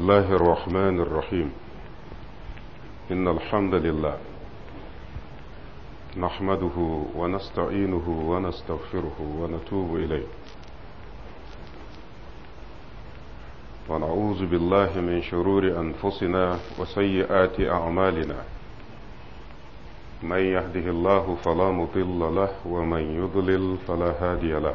الله الرحمن الرحيم إن الحمد لله نحمده ونستعينه ونستغفره ونتوب إليه ونعوذ بالله من شرور أنفسنا وسيئات أعمالنا من يهده الله فلا مضل له ومن يضلل فلا هادي له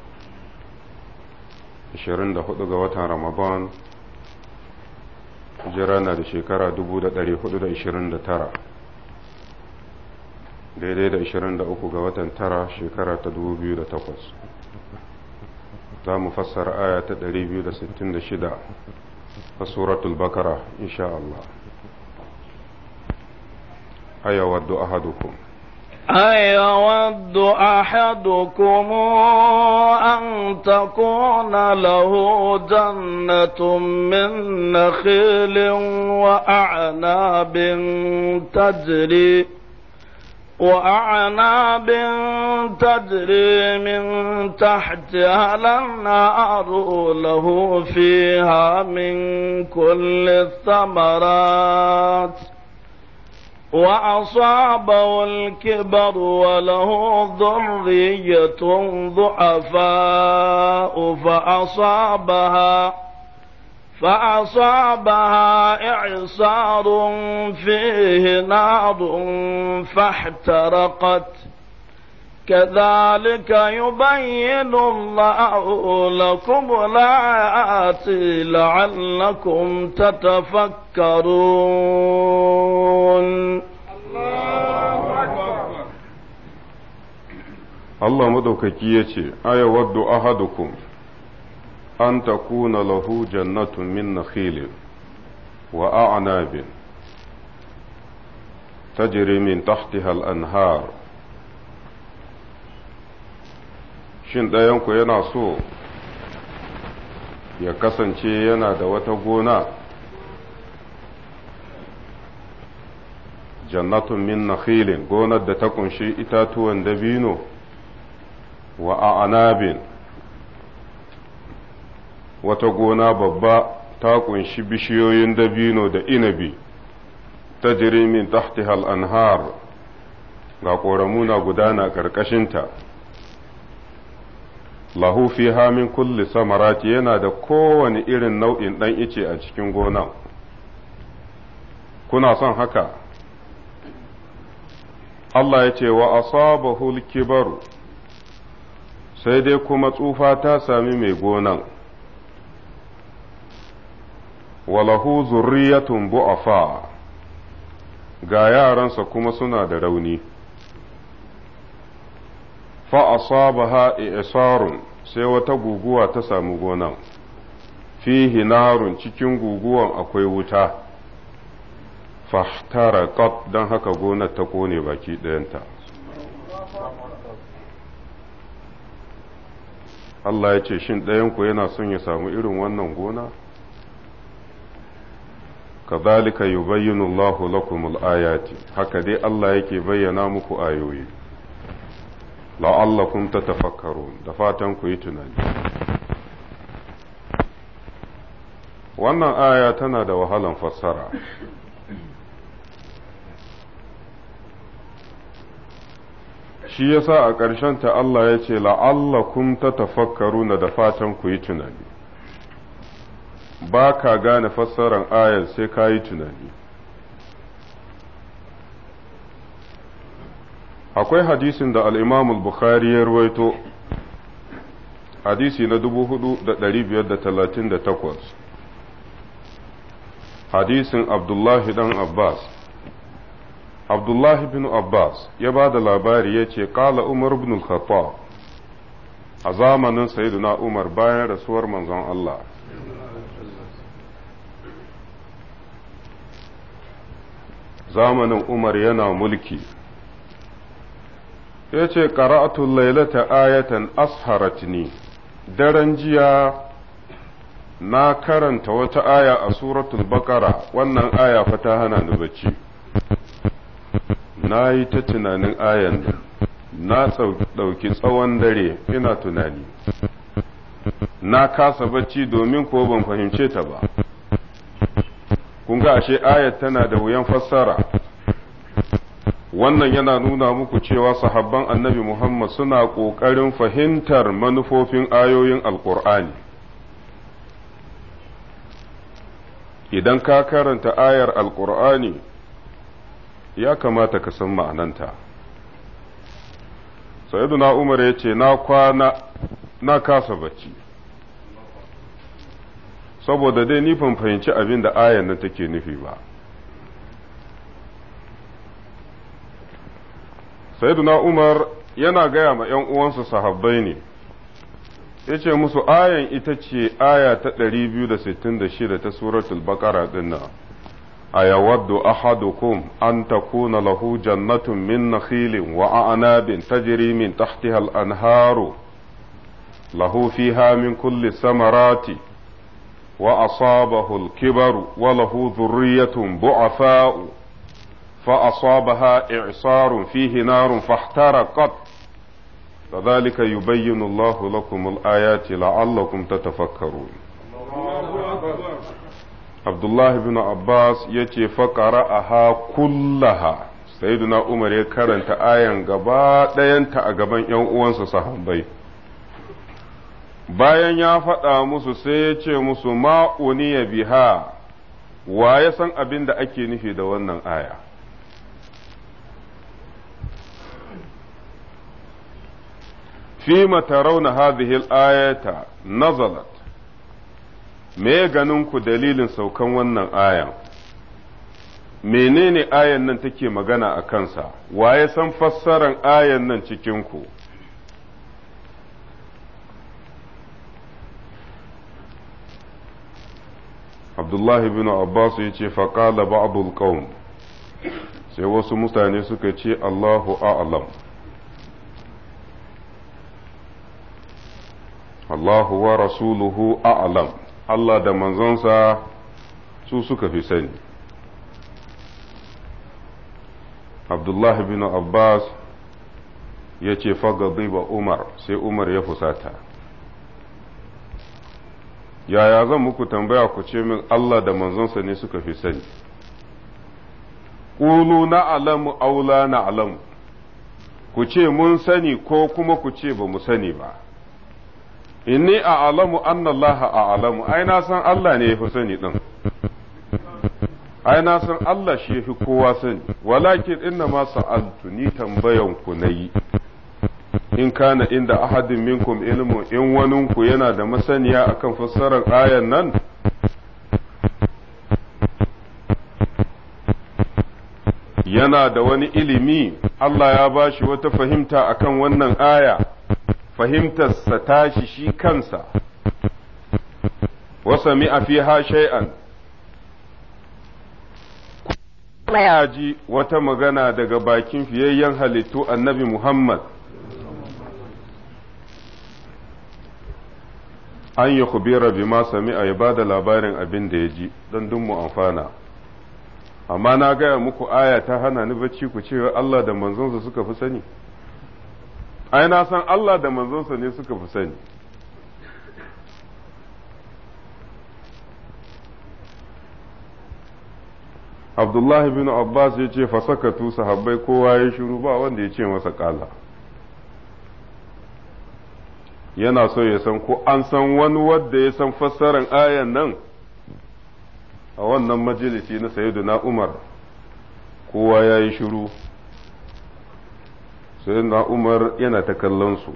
24 ga watan Ramadan hijira na da shekara 1429 daidai da 23 ga watan tara shekara ta 2008 za mu fassara aya ta 266 ta suratul bakara insha Allah ayawar ayawaddu hadukun أيود أحدكم أن تكون له جنة من نخيل وأعناب تجري وأعناب تجري من تحتها الأنهار له فيها من كل الثمرات وأصابه الكبر وله ذرية ضعفاء فأصابها فأصابها إعصار فيه نار فاحترقت كذلك يبين الله لكم الآيات لعلكم تتفكرون الله مدوك كيتي أيود أحدكم أن تكون له جنة من نخيل وأعناب تجري من تحتها الأنهار shin ɗayanku yana so ya kasance yana da wata gona jannatun min nakhilin gonar da ta kunshi itatuwan dabino wa Anabin wata gona babba ta kunshi bishiyoyin dabino da inabi ta jirimin tahtihal anhar ga ƙoramuna gudana ƙarƙashinta lahu fiha min kulli samarati yana da kowane irin nau'in ɗan ice a cikin gonan kuna son haka Allah ya ce wa asabahul kibaru sai dai kuma tsufa ta sami mai gonan walahu zurriyatun bu'afa ga yaransa kuma suna da rauni fa asabaha i'sarun sai wata guguwa ta samu gonan fihi narun cikin guguwan akwai wuta fahtarakat don haka gona ta kone baki ɗayanta Allah ya ce shin ɗayanku yana son ya samu irin wannan gona kazalika yubayyinu Allahu lakum ayati haka dai Allah yake bayyana muku ayoyi la'allakum tatafakkarun da fatan ku yi tunani wannan aya tana da wahalan fassara shi yasa a ƙarshen ta Allah ya ce la'allakum na da fatan ku yi tunani ba ka gane fassaran ayar sai ka yi tunani akwai hadisin da al'imam bukhari ya ruwaito hadisi na 4538 hadisin abdullahi dan abbas abdullahi bin abbas ya ba da labari ya ce kala umar ibn al-khattab a zamanin sayyiduna umar bayan rasuwar manzon allah zamanin umar yana mulki ya ce qara'atu laylata ayatan asharatni daren jiya na karanta wata aya a suratul bakara wannan aya fa ta hana ni bacci na yi ta tunanin ayan na ɗauki tsawon dare ina tunani na kasa bacci domin ko ban fahimce ta ba kun ga ashe ayat tana da wuyan fassara wannan yana nuna muku cewa sahabban annabi Muhammad suna ƙoƙarin fahimtar manufofin ayoyin alƙur'ani. Idan ka karanta ayar alƙur'ani ya kamata ka san ma'ananta. Sayyiduna Umar ya ce, Na kwana, na kasa bacci, saboda dai ni fahimci abin da ayan nan take nufi ba. sayyiduna umar yana gaya ma ‘yan uwansu sahabbai ne ya ce musu ayan ita ce aya ta 266 ta suratul baqara dinna ayawaddu ahadukum an takuna lahu jannatun min nakhilin wa a'nabin tajri min tahtiha al-anharu lahu fiha min kulli samarati wa asabahu al-kibaru wa lahu dhurriyyatun bu'afa'u فأصابها إعصار فيه نار فاحترقت كذلك يبين الله لكم الآيات لعلكم تتفكرون عبد الله بن عباس يتي فقرأها كلها سيدنا عمر يكرنت آية غبا دينت أغبان يوم uwansa sahabbai bayan ya faɗa musu sai ya ce musu ma'uniya biha wa ya san abin da ake nufi da wannan aya fima tarawna hadhihi al-ayata nazalat me ganin ku dalilin saukan wannan ayan menene ayan nan take magana a kansa waye san fassaran ayan nan cikin ku Abdullahi bin Abbas ya ce faƙala ba'dul qaum sai wasu mutane suka ce Allahu a'lam Allahu wa rasuluhu a'lam Allah da manzonsa su suka fi sani Abdullahi bin Abbas ya ce ba Umar sai Umar ya fusata yaya zan muku tambaya ku ce min Allah da manzonsa ne suka fi sani Kulu na alamu aula na alamu ku ce mun sani ko kuma ku ce ba mu sani ba inni a alamu annallaha a alamu ai na san Allah ne ya fi sani din ai na san Allah shi ya fi kowa sani walakin inna ma sa'altu ni tambayan ku nayi in kana inda ahadin minkum ilmu in waninku yana da masaniya akan fassarar ayan nan yana da wani ilimi Allah ya bashi wata fahimta akan wannan aya fahimtarsa tashi shi kansa wasa fi ha shay'an ya ji wata magana daga bakin fiyayyen halittu annabi Muhammad an yi kubira bi ma sami ya ba da labarin abin da ya ji don dun amfana amma na gaya muku aya ta hana ni bacci ku cewa Allah da manzonsa suka fi sani ai na san Allah da manzonsa ne suka fi sani abdullahi bin abbas ya ce fasakatu sahabbai kowa ya shiru ba wanda ya ce masa kala yana so ya san ko an san wani wadda ya san fassarar ayan nan a wannan majalisi na na umar kowa ya yi shiru sai na umar yana ta kallon su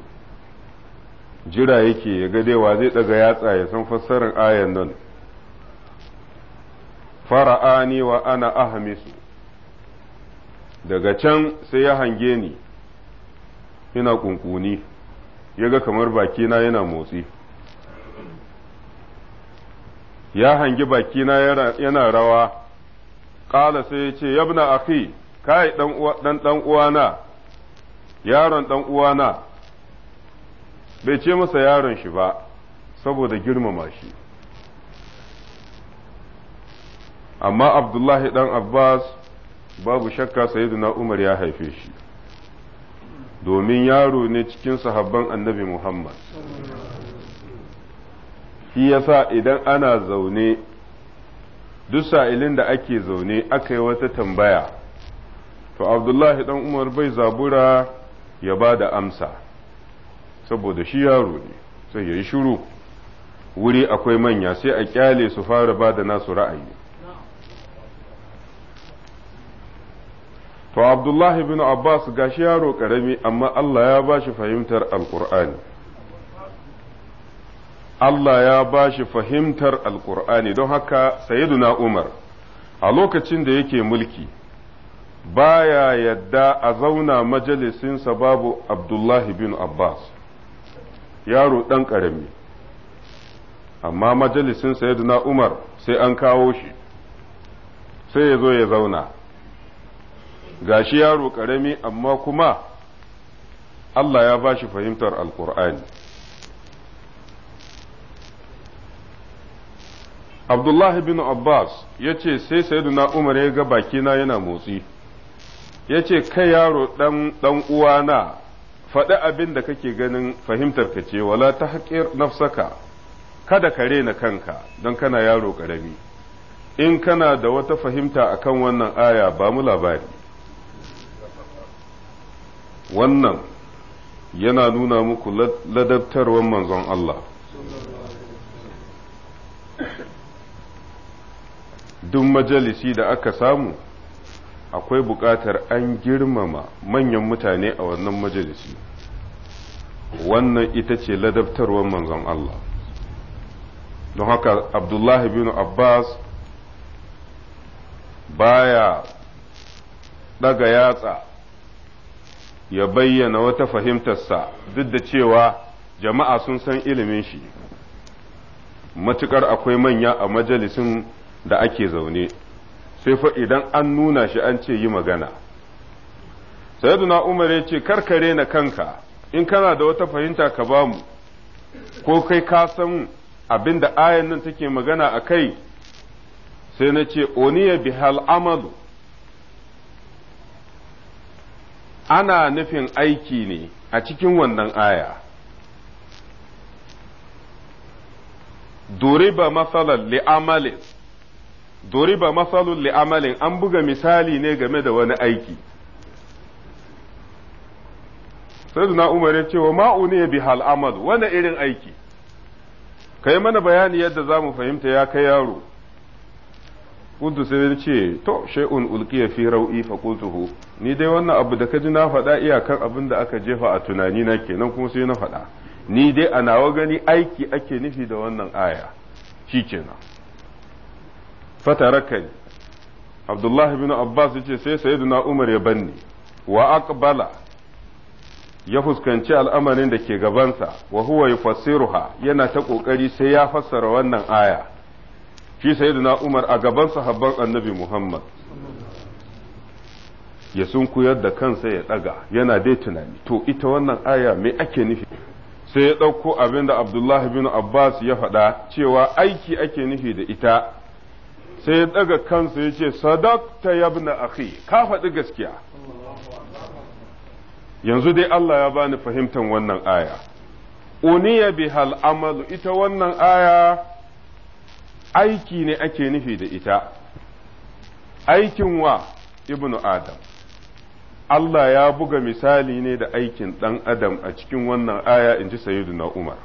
jira yake ya ga wa zai daga yatsa ya san fassarar ayan nan fara'ani wa ana ahamisu daga can sai ya hange ni ina kunkuni ya ga kamar bakina yana motsi ya hangi bakina yana rawa ƙala sai ya ce yabna akhi kai ɗan dan uwana yaron ɗan uwana bai ce masa yaron shi ba saboda girmama shi amma abdullahi ɗan abbas babu shakka sayyiduna umar ya haife shi domin yaro ne cikin sahabban annabi muhammad shi yasa idan ana zaune duk sa'ilin da ake zaune aka yi wata tambaya to abdullahi ɗan umar bai zabura ya ba da amsa saboda shi yaro ne sai ya yi shiru wuri akwai manya sai a kyale su fara ba da nasu ra'ayi to abdullahi bin abbas ga shi yaro karami amma allah ya ba shi fahimtar alkur'ani allah ya ba shi fahimtar alkur'ani don haka sayyiduna umar a lokacin da yake mulki baya yadda a zauna majalisinsa babu abdullahi bin abbas yaro ɗan ƙarami amma majalisin sayyidina umar sai an kawo shi sai ya zo ya zauna gashi yaro ƙarami amma kuma Allah ya ba shi fahimtar alƙur'ani Abdullahi bin Abbas ya ce sai sayyiduna Umar ya ga bakina yana motsi ya ce kai yaro ɗan uwana faɗi abin da kake ganin fahimtar ka ce wala ta haƙir nafsaka kada ka rena kanka don kana yaro ƙarami in kana da wata fahimta a kan wannan aya ba mu labari wannan yana nuna muku ladabtarwar manzon Allah duk majalisi da aka samu akwai buƙatar an girmama manyan mutane a wannan majalisi wannan ita ce ladabtarwar manzon Allah don haka abdullahi bin abbas baya daga yatsa ya bayyana wata fahimtarsa duk da cewa jama'a sun san ilimin shi matuƙar akwai manya a majalisin da ake zaune sai fa idan an nuna shi an ce yi magana sayyiduna umar ya ce karkare na kanka in kana da wata fahimta ka ba mu ko kai ka san abin da ayan nan take magana a kai sai na ce oniya bihal amalu ana nufin aiki ne a cikin wannan aya duriba matsalar li'amalin duriba masalun li'amalin an buga misali ne game da wani aiki sai na umar ya ce wa ma'uni bi hal amal wani irin aiki kai mana bayani yadda za mu fahimta ya kai yaro Kudu sai ya ce to shay'un ulqiya fi rau'i fa qultuhu ni dai wannan abu da ka ji na faɗa kan abin da aka jefa a tunani na kenan kuma sai na faɗa ni dai a nawa gani aiki ake nufi da wannan aya shi kenan Fatarakai abdullah bin abbas ce sai sayyiduna umar ya banni wa aqbala ya fuskanci al'amarin da ke gabansa wa huwa yufassiruha yana ta kokari sai ya fassara wannan aya shi sayyiduna umar a gaban sahabban annabi muhammad ya sunkuyar da kansa ya ɗaga yana dai tunani to ita wannan aya me ake nufi sai ya ɗauko abinda da abdullahi bin abbas ya faɗa cewa aiki ake nufi da ita sai ya daga kansa ya ce sadakta yabna akhi ka faɗi gaskiya yanzu dai Allah ya bani fahimtar wannan aya uniya bihal amalu ita wannan aya aiki ne ake nufi da ita aikin wa ibnu adam Allah ya buga misali ne da aikin ɗan adam a cikin wannan aya in ji sayyiduna umar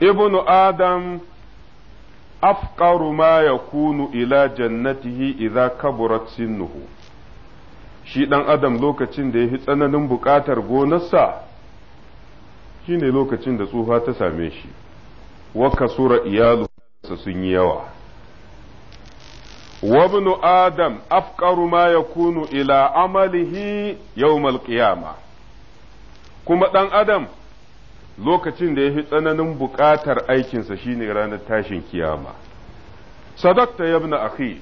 ibnu adam afqaru ma kunu ila jannatihi idza kaburat sinnuhu shi dan adam lokacin da yafi tsananin buƙatar gonarsa shine lokacin da tsufa ta same shi wa kasura iyalusa sun yi yawa وابن adam أفقر ما يكون إلى عمله يوم القيامة kuma ɗan adam lokacin da ya fi tsananin buƙatar aikinsa shine ranar tashin kiyama sadakta yabna akhi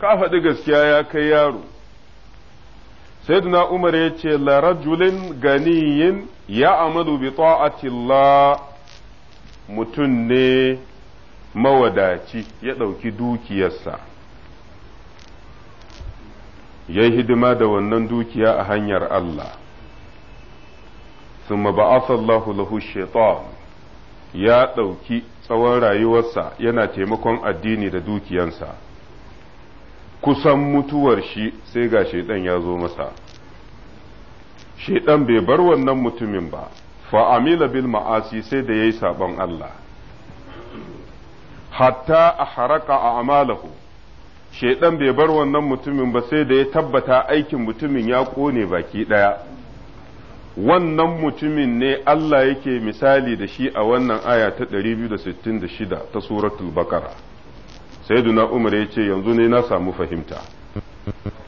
ka faɗi gaskiya ya kai yaro na umar ya ce la ganiyin ya amadu bi ta'atilla mutum ne mawadaci ya ɗauki dukiyarsa ya hidima da wannan dukiya a hanyar Allah ثم بعث الله له الشيطان ya ɗauki tsawon rayuwarsa yana taimakon addini da dukiyansa kusan mutuwar shi sai ga shaidan ya zo masa shaidan bai bar wannan mutumin ba fa'amila bil ma'asi sai da ya yi saɓon Allah hatta a haraka a amalahu shaidan bai bar wannan mutumin ba sai da ya tabbata aikin mutumin ya ƙone baki ɗaya wannan mutumin ne Allah yake misali da shi a wannan aya ta 266 ta suratul bakara duna umar ya ce yanzu ne na samu fahimta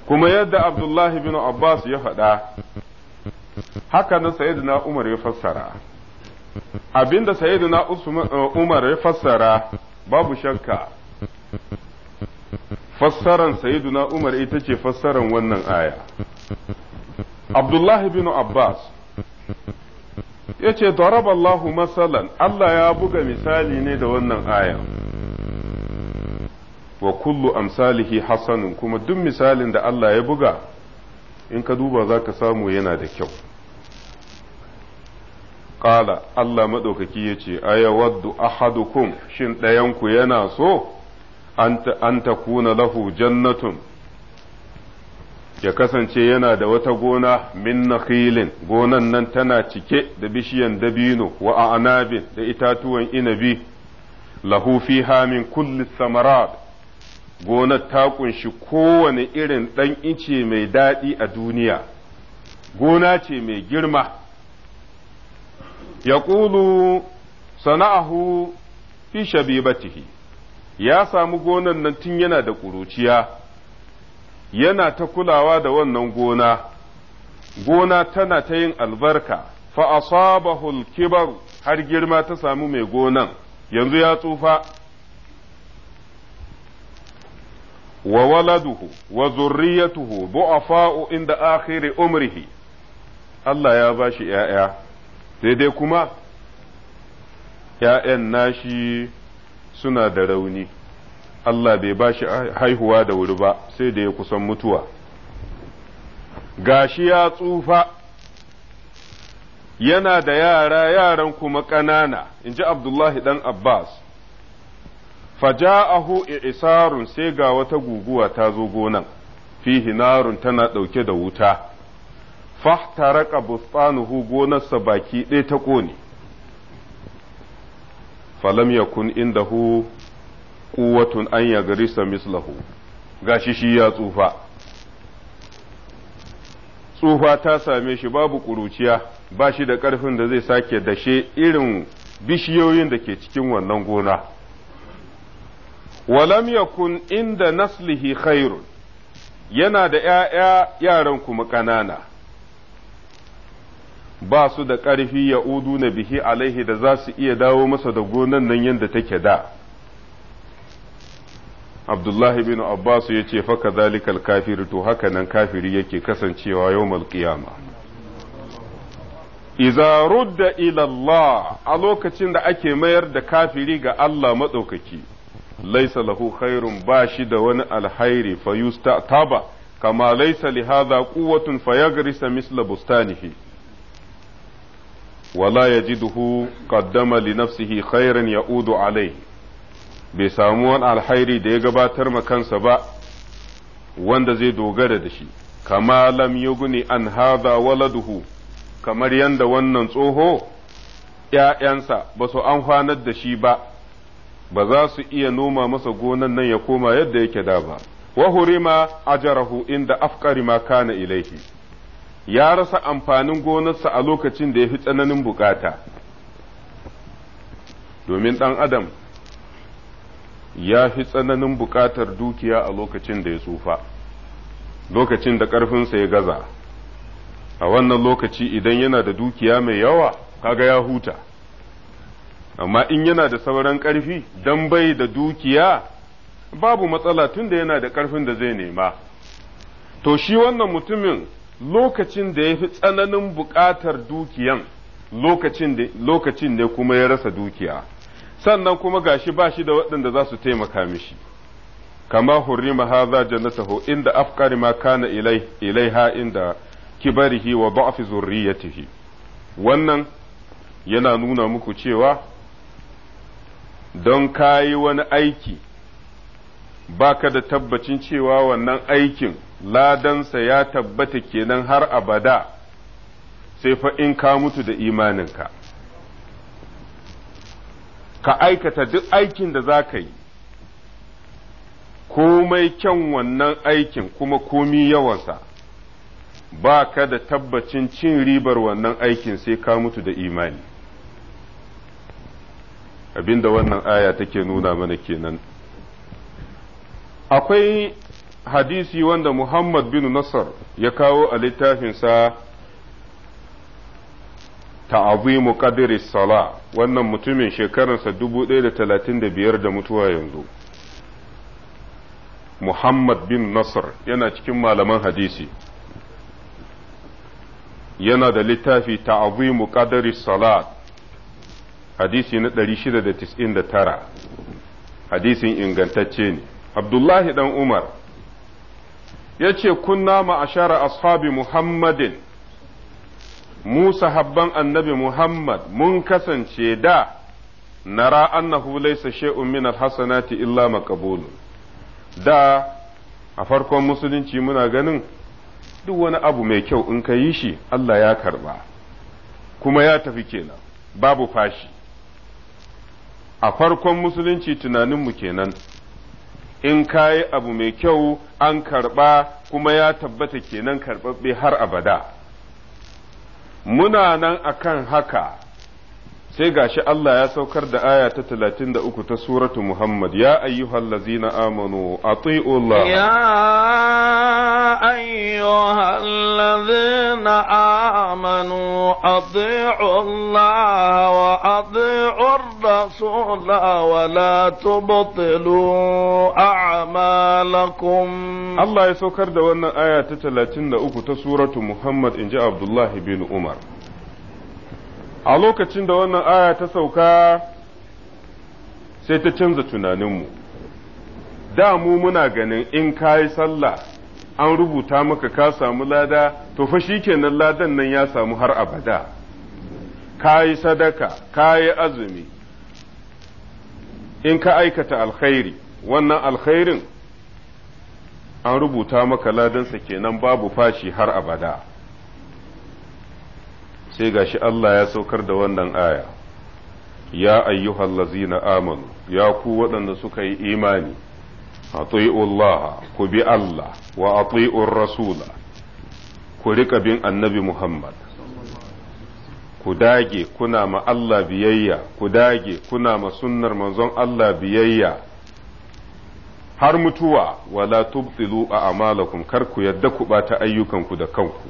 kuma yadda abdullahi bin abbas ya faɗa haka na umar ya fassara abinda sayyiduna uh, umar ya fassara babu shakka fassaran sayyiduna umar ita ce fassaran wannan aya Abdullahi bin Abbas yace daraballahu masalan Allah ya buga misali ne da wannan ayan wa kullu amsalihi hasanun kuma duk misalin da Allah ya buga in ka duba zaka samu yana da kyau qala Allah madaukaki yace ayawaddu ahadukum shin ɗayanku yana so an takuna lahu jannatun ya kasance yana da wata gona min nakhilin gonan nan tana cike da bishiyan dabino wa anabin da itatuwan inabi lahu fiha min kulli samarat gonar ta kunshi kowane irin ɗan ice mai daɗi a duniya gona ce mai girma ya sana'ahu fi shabibatihi ya samu gonan nan tun yana da ƙuruciya yana ta kulawa da wannan gona gona tana ta yin albarka fa asabahu al-kibar har girma ta samu mai gonan yanzu ya tsufa wa waladuhu wa zurriyatuhu bu'afa'u inda akhiri umrihi Allah ya bashi ‘ya'ya, dai dai kuma ‘ya'yan nashi suna da rauni. Allah bai ba shi haihuwa da wuri ba sai da ya kusan mutuwa gashi ya tsufa yana da yara yaran kuma ƙanana in ji Abdullahi ɗan Abbas faja'ahu isarun sai ga wata guguwa ta zo gonan fihi narun tana ɗauke da wuta fahtaraka bustanuhu gonarsa baki ɗaya ta ƙone falam yakun indahu quwwatun an sa mislahu gashi shi ya tsufa tsufa ta same shi babu ƙuruciya ba shi da ƙarfin da zai sake dashe irin bishiyoyin da ke cikin wannan gona walam yakun inda naslihi khairun yana da ‘ya'ya yaran kuma ƙanana ba su da ƙarfi ya udu na bihi alaihi da za su iya dawo masa da gonan nan yadda take da abdullahi bin abbas ya ce faka zalikal kafiri to haka nan kafiri yake kasancewa yau qiyama iza rudda Allah a lokacin da ake mayar da kafiri ga Allah matsaukaki laisa lahu khairun ba shi da wani alhairi fa taba kama laisa li hadha quwwatun fayagrisa misla bustanihi wala yajiduhu qaddama li nafsihi khairan yaudu alayhi bai samu wani alhairi da ya gabatar ma kansa ba wanda zai dogara da shi kama lam yuguni an hadha waladuhu kamar yanda wannan tsoho ‘ya'yansa ba su an amfanar da shi ba, ba za su iya noma masa gonan nan ya koma yadda yake da ba, wa hurima ajarahu inda afkari ma kana ilaihi, ya rasa amfanin gonarsa a lokacin da ya fi tsananin bukata. Domin ɗan Adam ya fi tsananin buƙatar dukiya a lokacin da ya tsufa lokacin da ƙarfinsa ya gaza a wannan lokaci idan yana da dukiya mai yawa kaga ya huta amma in yana da sauran ƙarfi don bai da dukiya babu matsala tun da yana da ƙarfin da zai nema to shi wannan mutumin lokacin da ya fi tsananin buƙatar dukiyan lokacin ne kuma ya rasa dukiya sannan kuma gashi ba shi da waɗanda za su taimaka mishi kama hurri haza jannatahu inda afkari ma kana ilai ha inda kibarihi wa ya zurriyatihi wannan yana nuna muku cewa don kayi wani aiki baka da tabbacin cewa wannan aikin ladansa ya tabbata kenan har abada sai fa in ka mutu da imaninka ka aikata duk aikin da za ka yi komai kyan wannan aikin kuma komi yawansa ba ka da tabbacin cin ribar wannan aikin sai ka mutu da imani abinda wannan aya take nuna mana kenan akwai hadisi wanda muhammad bin nasar ya kawo a littafinsa ta'azimu qadri sala wannan mutumin shekararsa ɗaya da mutuwa yanzu Muhammad bin Nasr yana cikin malaman hadisi yana da littafi ta'azimu qadri sala hadisi na 699 hadisin ingantacce ne Abdullahi dan Umar yace kunna ma'ashara ashabi Muhammadin mu sahabban annabi Muhammad mun kasance da nara annahu laysa shay'un min alhasanati illa maqbul da a farkon musulunci muna ganin duk wani abu mai kyau in ka yi shi Allah ya karba kuma ya tafi kenan babu fashi a farkon musulunci tunaninmu kenan in ka yi abu mai kyau an karba kuma ya tabbata kenan karɓaɓɓe har abada muna nan akan haka sai gashi Allah ya saukar da aya ta 33 ta suratu Muhammad ya ayyuhal ladzina amanu ati'ullah ya ayyuhal ladzina amanu ati'ullah wa ati'ur rasul wa la tubtilu a'malakum Allah ya saukar da wannan aya ta 33 ta suratu Muhammad inji Abdullah bin Umar a lokacin da wannan aya ta sauka sai ta canza tunaninmu da mu muna ganin in ka yi sallah an rubuta maka ka samu lada to fa kenan ladan nan ya samu har abada ka yi sadaka ka yi azumi in ka aikata alkhairi wannan alkhairin an rubuta maka ladansa kenan babu fashi har abada sai gashi Allah ya saukar da wannan aya ya ayyuhal lazina amanu ya ku waɗanda suka yi imani A Allah ku bi Allah wa ati'ur rasula ku riƙa bin annabi Muhammad ku dage kuna ma Allah biyayya ku dage kuna ma sunnar manzon Allah biyayya har mutuwa wala tubtilu a amalakum kar ku yadda ku ɓata ayyukanku da kanku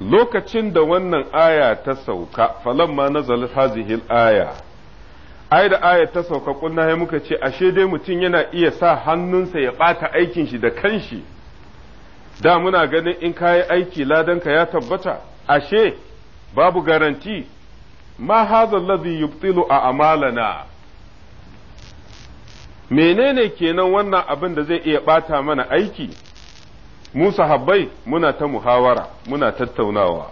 lokacin da wannan aya ta sauka falamma nazalat hazihil aya ai da aya ta sauka kunna ya muka ce ashe dai mutum yana iya sa hannunsa ya ɓata aikin shi da kanshi da muna ganin in kayi aiki ladanka ya tabbata ashe babu garanti ma lazi ladhi yubtilu a amalana menene kenan wannan abin da zai iya ɓata mana aiki mu sahabbai muna ta muhawara muna tattaunawa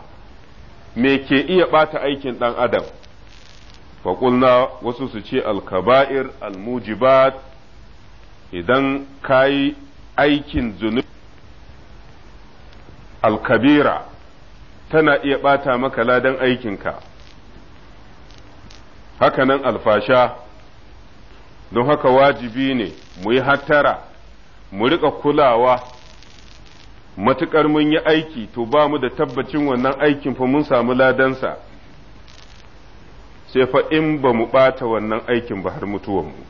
me ke iya ɓata aikin ɗan adam faƙulna wasu su ce alkaba'ir almujibat idan ka yi aikin zunubi alkabira tana iya ɓata maka ladan aikinka hakanan alfasha don haka wajibi ne mu yi hattara mu riƙa kulawa matuƙar mun yi aiki to ba mu da tabbacin wannan aikin fa mun samu ladansa sai fa in ba mu ɓata wannan aikin ba har mutuwanmu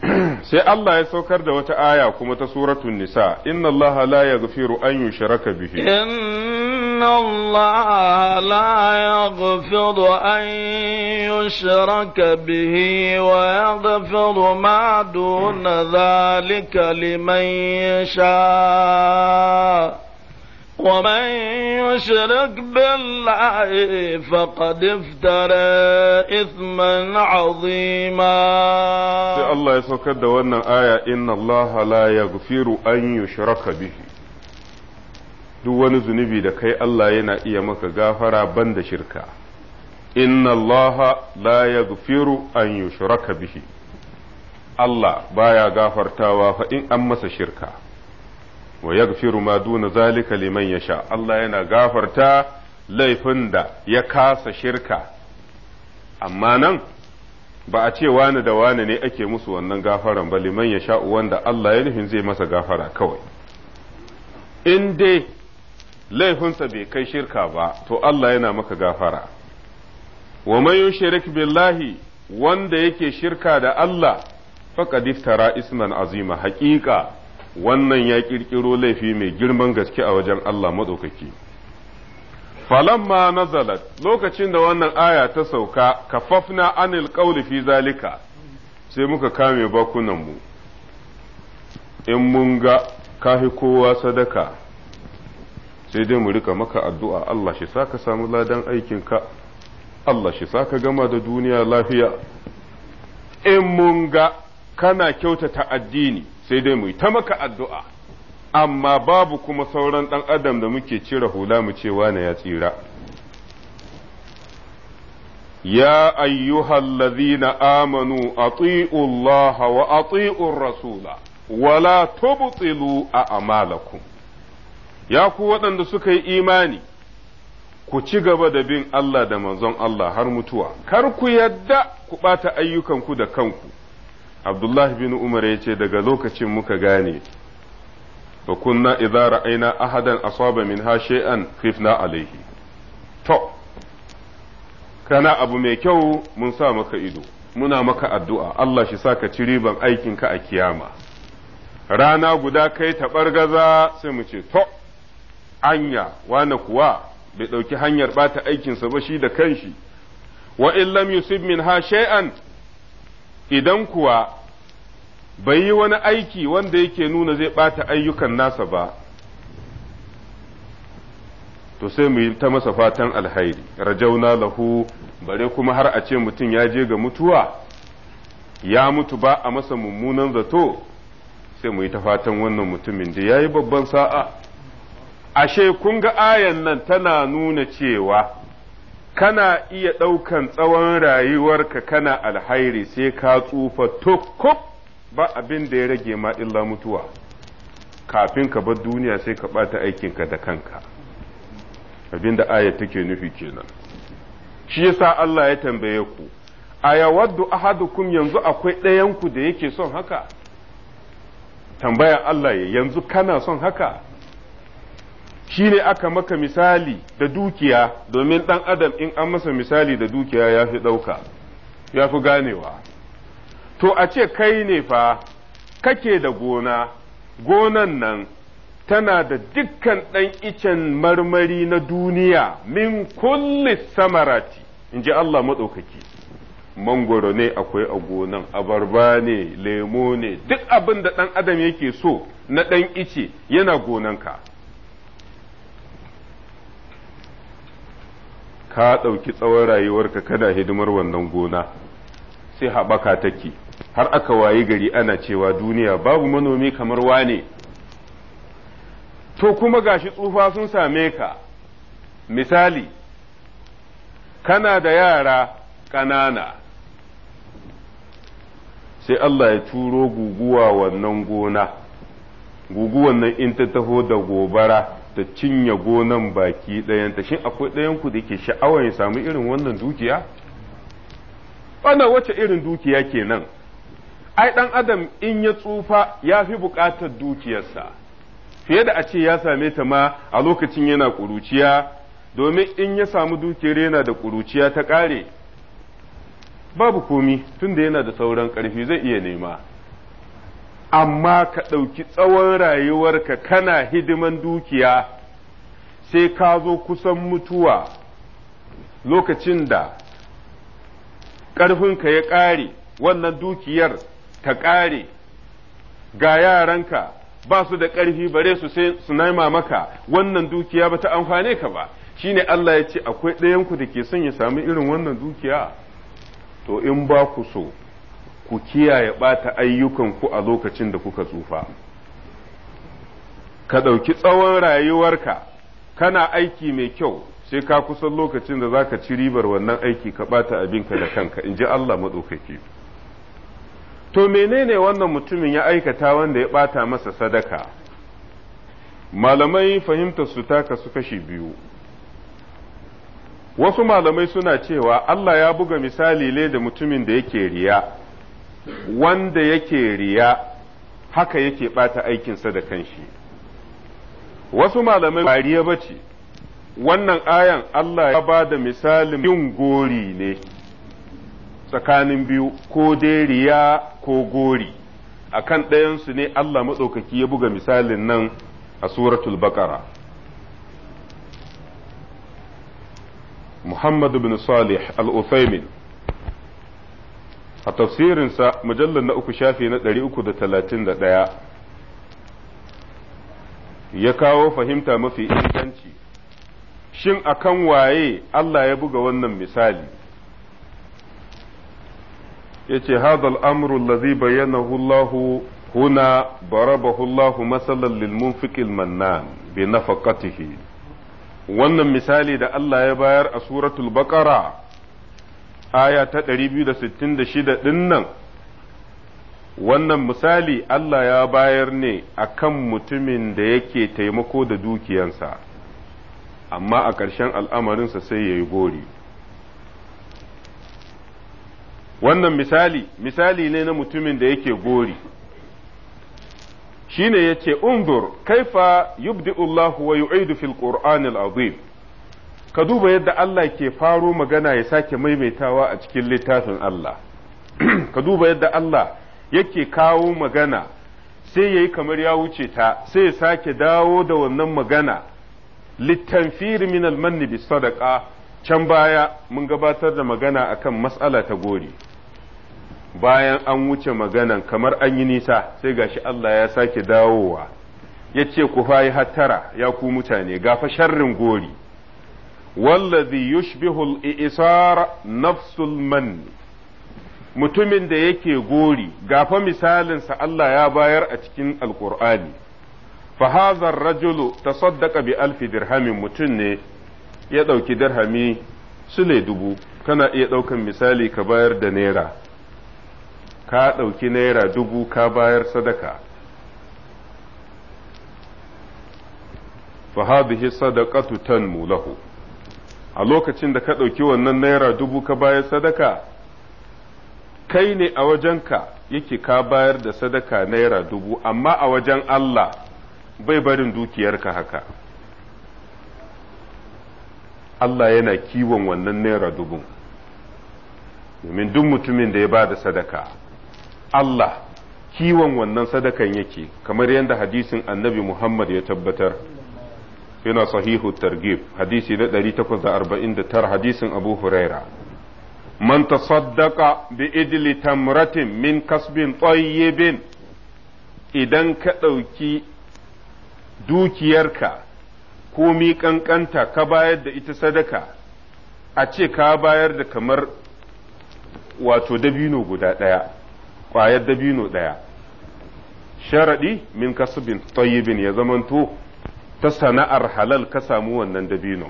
sai Allah ya saukar da wata aya kuma ta suratun nisa inna Allah la yaghfiru an yushraka bihi inna Allah la yaghfiru an yushraka bihi wa yaghfiru ma duna dhalika liman yasha ومن يشرك بالله فقد افترى إثما عظيما في الله يسوكر دا wannan aya inna Allah la yaghfiru an yushraka bihi duk wani zunubi da kai Allah yana iya maka gafara banda shirka inna Allah la yaghfiru an yushraka bihi Allah baya gafartawa fa in an masa shirka wa yaghfiru ma duna zalika liman yasha Allah yana gafarta laifin da ya kasa shirka amma nan ba a ce wani da wani ne ake musu wannan gafaran ba liman yasha wanda Allah ya nufin zai masa gafara kawai in dai laifinsa bai kai shirka ba to Allah yana maka gafara wa man yushrik billahi wanda yake shirka da Allah faqad iftara isman azima haqiqa wannan ya ƙirƙiro laifi mai girman gaske a wajen Allah maɗaukaki. falamma nazalat lokacin da wannan aya ta sauka kafafna anil qawli fi zalika sai muka kame bakunanmu in mun ga kafi kowa sadaka sai dai mu rika maka addu'a Allah shi sa ka samu ladan aikinka Allah shi sa ka gama da duniya lafiya in mun ga kana kyautata addini sai dai mu yi ta maka addu'a amma babu kuma sauran ɗan adam da muke cire hula mu ce wane ya tsira ya ayyuhallazina amanu tsi'un Allah wa tsi'un rasula wala tubtilu a amalakum ya ku waɗanda suka yi imani ku ci gaba da bin Allah da manzon Allah har mutuwa kar ku yadda ku ɓata ayyukanku da kanku abdullahi bin umar ya ce daga lokacin muka gane ba kunna idza ra'ayna ahadan asaba minha shay'an khifna alaihi to kana abu mai kyau mun sa maka ido muna maka addu'a Allah shi sa ka ci riban aikinka a kiyama rana guda kai gaza sai mu ce to anya wane kuwa bai ɗauki hanyar ɓata aikinsa ba shi da kanshi wa in lam yusib min ha shay'an idan kuwa bai yi wani aiki wanda yake nuna zai ɓata ayyukan nasa ba to sai mu yi ta masa fatan alhairi rajauna lahu bare kuma har a ce mutum ya je ga mutuwa ya mutu ba a masa mummunan zato sai mu yi ta fatan wannan mutumin da ya yi babban sa'a ashe kun ga ayan nan tana nuna cewa kana iya ɗaukan tsawon rayuwarka kana alhairi sai ka tsufa tukuk ba abin da ya rage ma illa mutuwa kafin ka bar duniya sai ka ɓata aikinka da kanka abin da aya take nufi kenan shi yasa Allah ya tambaye ku a yawaddu ahadukum yanzu akwai ɗayanku da yake son haka tambaya Allah ya yanzu kana son haka shi ne aka maka misali da dukiya domin ɗan adam in an masa misali da dukiya ya fi ɗauka ya fi ganewa to a ce kai ne fa kake da gona gonan nan tana da dukkan ɗan icen marmari na duniya min kulli samarati in ji Allah maɗaukaki mangoro ne akwai a gonan abarba ne lemo ne duk abin da ɗan adam yake so na ɗan ice yana gonanka ka ɗauki tsawon rayuwarka kana hidimar wannan gona sai haɓaka take har aka wayi gari ana cewa duniya babu manomi kamar wane to kuma gashi tsufa sun same ka misali kana da yara ƙanana sai Allah ya turo guguwa wannan gona guguwan nan in ta taho da gobara ta cinye gonan baki ɗayanta shin akwai ɗayan ku da ke sha'awa ya samu irin wannan dukiya wannan wacce irin dukiya kenan ai ɗan adam in ya tsufa ya fi buƙatar dukiyarsa fiye da a ce ya same ta ma a lokacin yana ƙuruciya domin in ya samu dukiyar yana da ƙuruciya ta ƙare babu komi tunda yana da sauran ƙarfi zai iya nema amma ka ɗauki tsawon rayuwarka kana hidiman dukiya sai ka zo kusan mutuwa lokacin da ƙarfinka ya ƙare wannan dukiyar ta ƙare ga yaranka ba su da ƙarfi bare su sai su naima maka wannan dukiya ba ta amfane ka ba ne Allah ya ce akwai ɗayanku da ke son ya sami irin wannan dukiya to in ba ku so ku kiyaye ɓata ku a lokacin da kuka tsufa ka ɗauki tsawon rayuwarka kana aiki mai kyau sai ka kusan lokacin da za ka ci ribar wannan aiki ka ɓata abinka da kanka in ji Allah maɗaukaki to menene wannan mutumin ya aikata wanda ya ɓata masa sadaka malamai fahimtar su taka su kashi biyu wasu malamai suna cewa Allah ya buga misali ne da mutumin da yake riya wanda yake riya haka yake ɓata aikinsa da kanshi wasu malamai bariya ba ce wannan ayan Allah ya ba da misalin yin gori ne tsakanin biyu ko dai riya ko gori akan ɗayansu ne Allah matsaukaki ya buga misalin nan a suratul baqara Muhammad bin Salih al-Uthaymin a tafsirinsa mujallar na uku shafi na da da talatin ɗaya. ya kawo fahimta mafi inganci shin akan waye Allah ya buga wannan misali yace هذا الأمر الذي Huna الله هنا ضربه الله مثلا للمنفق المنان بنفقته wannan misali da Allah ya bayar a suratul baqara aya ta 266 ɗin nan wannan misali Allah ya bayar ne a kan mutumin da yake taimako da dukiyansa amma a ƙarshen al'amarinsa sai ya yi gori wannan misali misali ne na mutumin da yake gori shine yace unzur kaifa yubdi'u Allah wa yu'idu fil qur'anil azim ka duba yadda Allah ke faro magana ya sake maimaitawa a cikin littafin Allah ka duba yadda Allah yake kawo magana sai ya yi kamar ya wuce ta sai ya sake dawo da wannan magana littanfir min almanni bis sadaqa can baya mun gabatar da magana akan mas'ala ta gori bayan an wuce maganan kamar an yi nisa sai gashi Allah ya sake dawowa ya ce ku fayi hattara ya ku mutane gafa sharrin gori wallazi yushbihul isar nafsul man mutumin da yake gori gafa misalinsa Allah ya bayar a cikin alkur'ani fahazar rajulu ta saddaka bi alfi dirhamin mutum ne ya ɗauki dirhami sule dubu kana iya ɗaukan misali ka bayar da naira ka ɗauki naira dubu ka bayar sadaka fahadihi sadaqatu tanmu mulahu. a lokacin da ka ɗauki wannan naira dubu ka bayar sadaka kai ne a wajenka yake ka bayar da sadaka naira dubu amma a wajen Allah bai barin dukiyarka haka Allah yana kiwon wannan naira dubu domin duk mutumin da ya ba da sadaka Allah kiwon wannan sadakan yake kamar yadda hadisin annabi Muhammad ya tabbatar. yana sahihu targhib hadisi na tara hadisin abu huraira Manta tasaddaqa bi idli tamratin min kasbin tayyibin idan ka ɗauki dukiyarka ko miƙanƙanta ka bayar da ita sadaka a ce ka bayar da kamar wato dabino guda ɗaya ƙwayar dabino ɗaya sharaɗi min kasbin tayyibin ya zamanto ta sana'ar halal ka samu wannan dabino.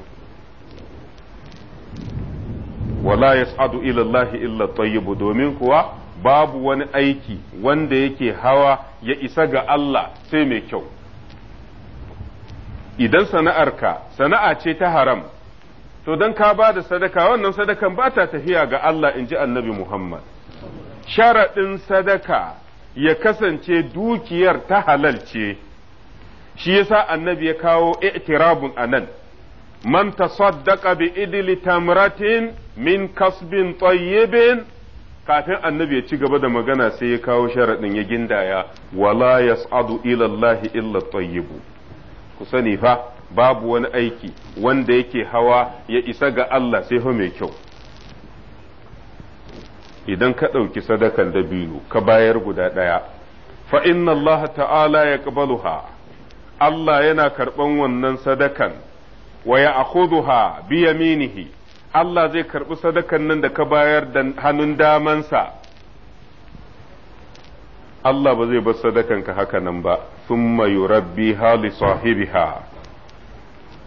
wala yas'adu ila ilallahi illa tayyib domin kuwa babu wani aiki wanda yake hawa ya isa ga Allah sai mai kyau idan sana'ar ka sana'a ce ta haram to don ka ba da sadaka wannan sadakan ba ta tafiya ga Allah inji annabi Muhammad sharaɗin sadaka ya kasance dukiyar ta halal ce shi yasa annabi ya kawo i'tirabun anan man tasaddaqa bi idli tamratin min kasbin tayyibin kafin annabi ya ci gaba da magana sai ya kawo sharaɗin ya gindaya wala yas'adu ila Allah illa tayyibu ku sani fa babu wani aiki wanda yake hawa ya isa ga Allah sai fa mai kyau idan ka ɗauki sadakan dabino ka bayar guda ɗaya fa inna allaha ta'ala ya Allah yana karɓan wannan sadakan wa ya'khudhuha bi yaminihi Allah zai karɓi sadakan nan da ka bayar da hannun damansa Allah ba zai bar sadakan ka haka nan ba thumma yurabbi hali sahibiha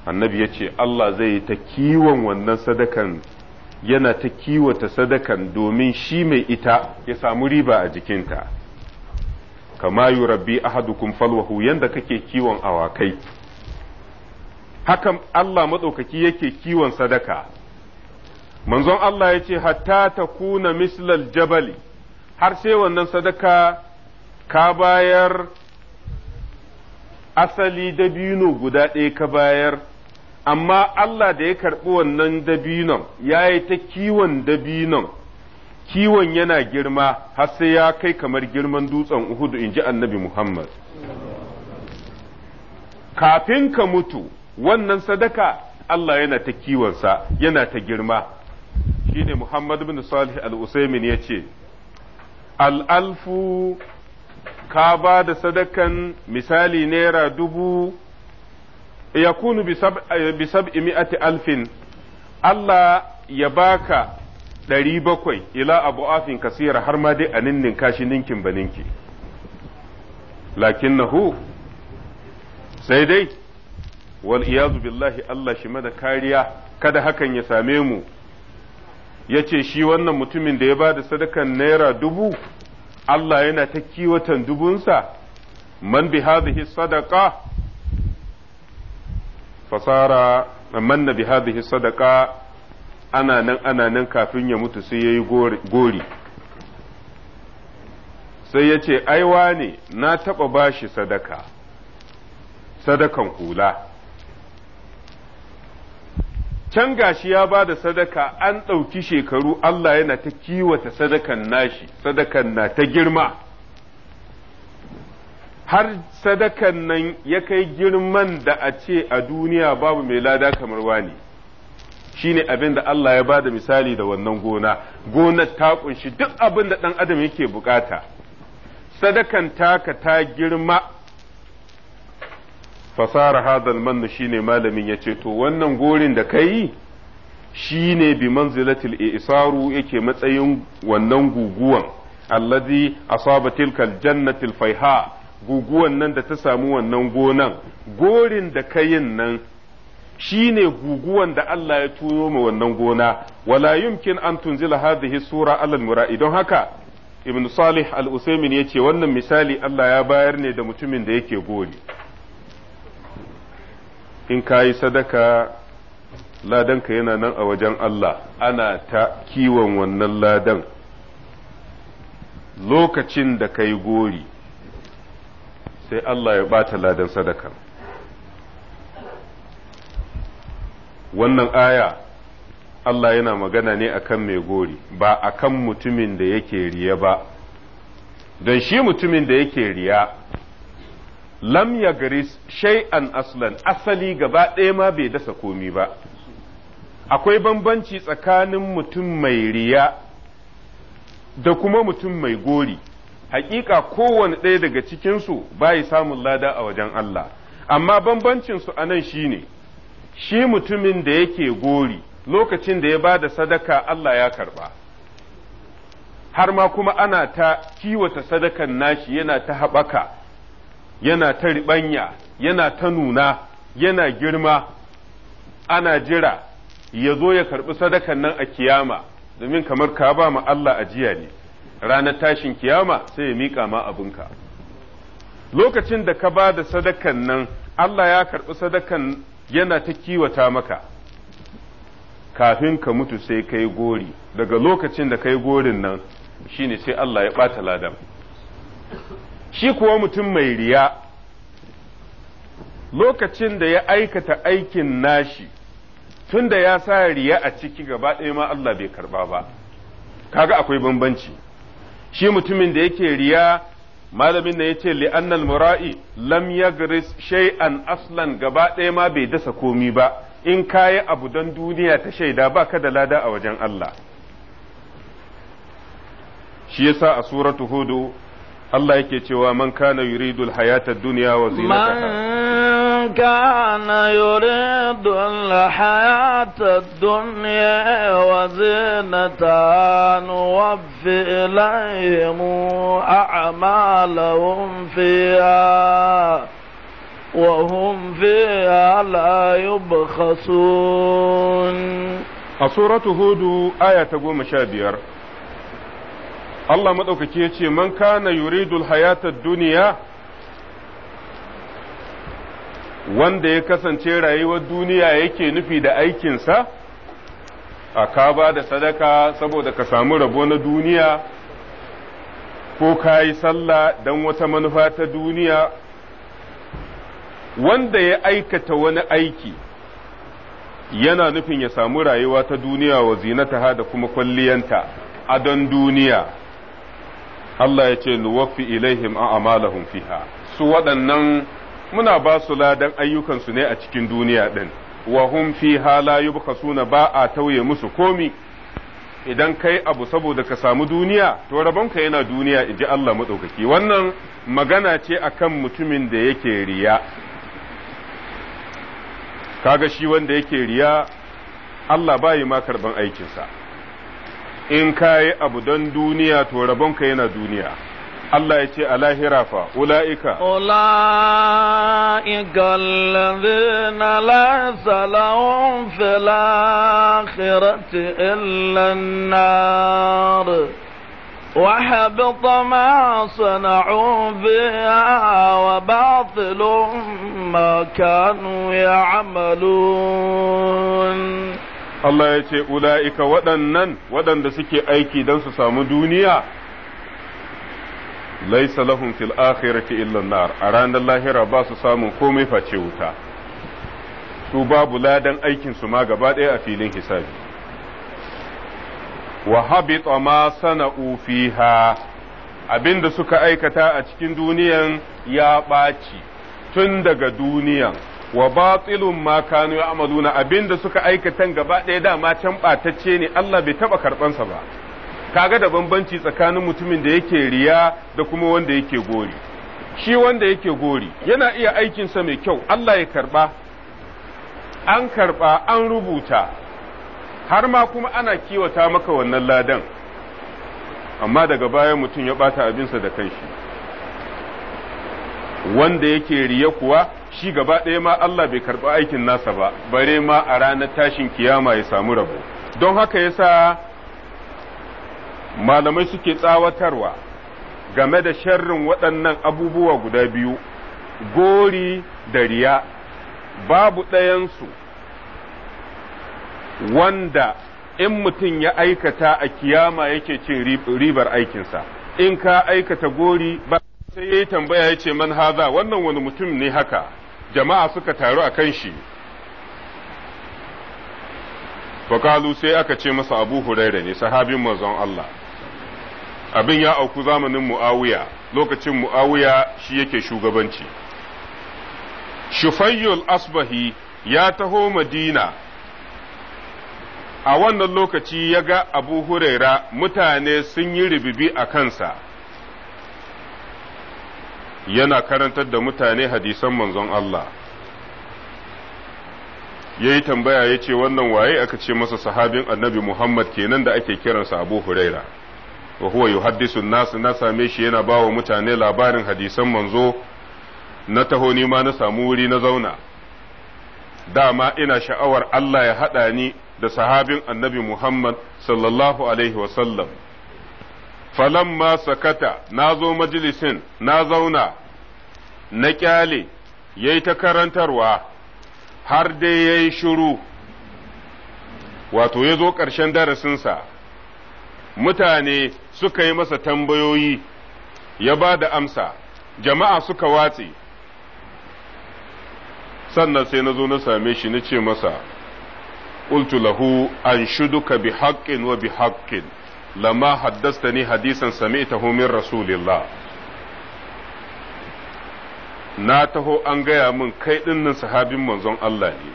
annabi ya ce Allah zai yi ta kiwon wannan sadakan yana ta kiwata sadakan domin shi mai ita ya samu riba a jikinta kama rabbi ahadukum falwahu yanda kake kiwon awakai hakan Allah matsaukaki yake kiwon sadaka manzon Allah ya ce hatta ta kuna mislal jabali har sai wannan sadaka ka bayar asali dabino guda ɗaya ka bayar amma Allah da ya karɓi wannan dabinon ya yi ta kiwon dabinon kiwon yana girma har sai ya kai kamar girman dutsen Uhudu in ji annabi Muhammad. Kafin ka mutu wannan sadaka Allah yana ta kiwonsa yana ta girma. Shi ne Muhammad bin Salih al-Usaimin ya ce, Al'alfu ka ba da sadakan misali naira dubu ya kunu bisab alfin Allah ya baka ɗari bakwai ila abu afin kasira har ma dai a ninnin kashi ninkin ba ninki lakin nahu sai dai wal iyazu billahi Allah shi mada kariya kada hakan ya same mu ya ce shi wannan mutumin da ya ba da sadakan naira dubu Allah yana ta kiwatan dubunsa man bi hadhihi sadaqa fasara man bi hadhihi sadaqa ana nan ana nan kafin ya mutu sai ya yi gori sai ya ce aiwa ne na taɓa bashi sadaka sadakan hula can gashi ya ba da sadaka an ɗauki shekaru Allah yana ta kiwata sadakan nashi sadakan na ta girma har sadakan nan ya kai girman da a ce a duniya babu mai lada kamar wani shine abin da Allah ya bada misali da wannan gona gonar ta kunshi duk abin da ɗan adam yake bukata sadakan taka ta girma fasara hadal shi shine malamin ya ce to wannan gorin da ka yi shine bi manzilatil isaru yake matsayin wannan guguwan alladhi asaba tilkal jannatil faiha guguwan nan da ta samu wannan gonan gorin da kayin nan Shi ne guguwan da Allah ya tuyo mu wannan gona wala yumkin an tunzila hadhihi sura alal mura idan haka ibn salih al usaymin yace wannan misali Allah ya bayar ne da mutumin da yake gori in kayi sadaka ladanka yana nan a wajen Allah ana ta kiwon wannan ladan lokacin da kai gori sai Allah ya bata ladan sadaka wannan aya Allah yana magana ne akan mai gori ba akan mutumin da yake riya ba don shi mutumin da yake riya lam ya garis shay'an aslan asali gaba ɗaya ma bai dasa komi ba akwai bambanci tsakanin mutum mai riya da kuma mutum mai gori hakika kowane ɗaya daga cikinsu bai samun lada a wajen Allah amma bambancinsu a nan shine shi mutumin da yake gori lokacin da ya ba da sadaka Allah ya karba har ma kuma ana ta kiwata sadakan nashi yana ta haɓaka yana ta riɓanya yana ta nuna yana girma ana jira ya zo ya karɓi sadakan nan a kiyama domin kamar ka ba ma Allah ajiya ne ranar tashin kiyama sai ya miƙa ma abinka lokacin da ka ba da sadakan nan Allah ya karɓi sadakan yana ta kiwata maka kafin ka mutu sai ka yi gori daga lokacin da ka yi gorin nan shine sai Allah ya ɓata ladan shi kuwa mutum mai riya lokacin da ya aikata aikin nashi tun da ya sa riya a ciki gaba ɗaya ma Allah bai karɓa ba kaga akwai bambanci shi mutumin da yake riya malamin ne yace li annal mura'i lam yagris shay'an aslan gaba ɗaya ma bai dasa komi ba in kayi abu don duniya ta shaida ba ka da lada a wajen Allah shi yasa a suratu hudu Allah yake cewa man kana yuridul hayatad dunya wa zinataha كان يريد الحياة الدنيا وزينتها نوف إليهم أعمالهم فيها وهم فيها لا يبخسون سورة هود آية قوم شابير الله مدوكك يتي من كان يريد الحياة الدنيا wanda ya kasance rayuwar duniya yake nufi da aikinsa a ka ba da sadaka saboda ka samu rabo na duniya ko ka yi sallah dan wata manufa ta duniya wanda ya aikata wani aiki yana nufin ya samu rayuwa ta duniya wa zinataha da kuma kwalliyanta a don duniya Allah ya ce nuwafi ilaihim a fiha su waɗannan muna ba su ladan ayyukansu ne a cikin duniya ɗin wa hum fiha la yubkhasuna ba a tauye musu komi idan kai abu saboda ka samu duniya to rabonka yana duniya in ji Allah maɗaukaki wannan magana ce akan mutumin da yake riya kaga shi wanda yake riya Allah bayi ma karban aikinsa in ka abu don duniya to rabonka yana duniya Allah ya ce a lahira fa ula'ika ula'ika allazina la salahum fil akhirati illa an-nar وحبط ما صنعوا بها وباطل ما كانوا Allah ya ce, Ula'ika waɗannan waɗanda suke aiki don su samu duniya, laisa lahum fil akhirati illa nar a ranar lahira ba su samun komai face wuta su babu ladan aikin su ma gaba ɗaya a filin hisabi wa habita ma sana'u fiha abinda suka aikata a cikin duniyan ya ɓaci tun daga duniyan wa batilun ma kanu ya'maluna abinda suka aikata gaba ɗaya dama can ɓatacce ne Allah bai taɓa karɓansa ba kaga da bambanci tsakanin mutumin da yake riya da kuma wanda yake gori shi wanda yake gori yana iya aikinsa mai kyau Allah ya karba an karba an rubuta har ma kuma ana kiwata maka wannan ladan amma daga baya mutum ya bata abinsa da kanshi wanda yake riya kuwa shi gaba ɗaya ma Allah bai karba aikin nasa ba bare ma a ranar tashin kiyama ya samu rabo don haka yasa malamai suke tsawatarwa game da sharrin waɗannan abubuwa guda biyu gori da riya babu ɗayansu wanda in mutum ya aikata a kiyama yake cin ribar aikinsa in ka aikata gori ba sai ya yi tambaya ya ce man haza wannan wani mutum ne haka jama'a suka taru a kan shi fakalu sai aka ce masa abu huraira ne sahabin manzon Allah abin ya auku zamanin mu'awiya lokacin mu'awiya shi yake shugabanci shufayyul asbahi ya taho madina a wannan lokaci ya ga abu huraira mutane sun yi ribibi a kansa yana karantar da mutane hadisan manzon Allah Yayi tambaya ya ce wannan waye aka ce masa sahabin annabi Muhammad kenan da ake kiransa abu huraira wa huwa yuhaddisu nasu na same shi yana bawa mutane labarin hadisan manzo na taho ni ma na samu wuri na zauna dama ina sha'awar Allah ya haɗa ni da sahabin annabi Muhammad sallallahu alaihi wasallam falamma sakata na zo majalisin na zauna na ƙyale ya yi ta karantarwa har dai ya yi shiru wato ya zo ƙarshen darasinsa mutane suka yi masa tambayoyi ya ba da amsa jama'a suka watse sannan sai na zo na same shi na ce masa an bi haƙƙin wa bi haƙƙin lama haddasta ni hadisan sami ita رسول rasulillah. na taho an gaya min kai ɗinnin sahabin manzon Allah ne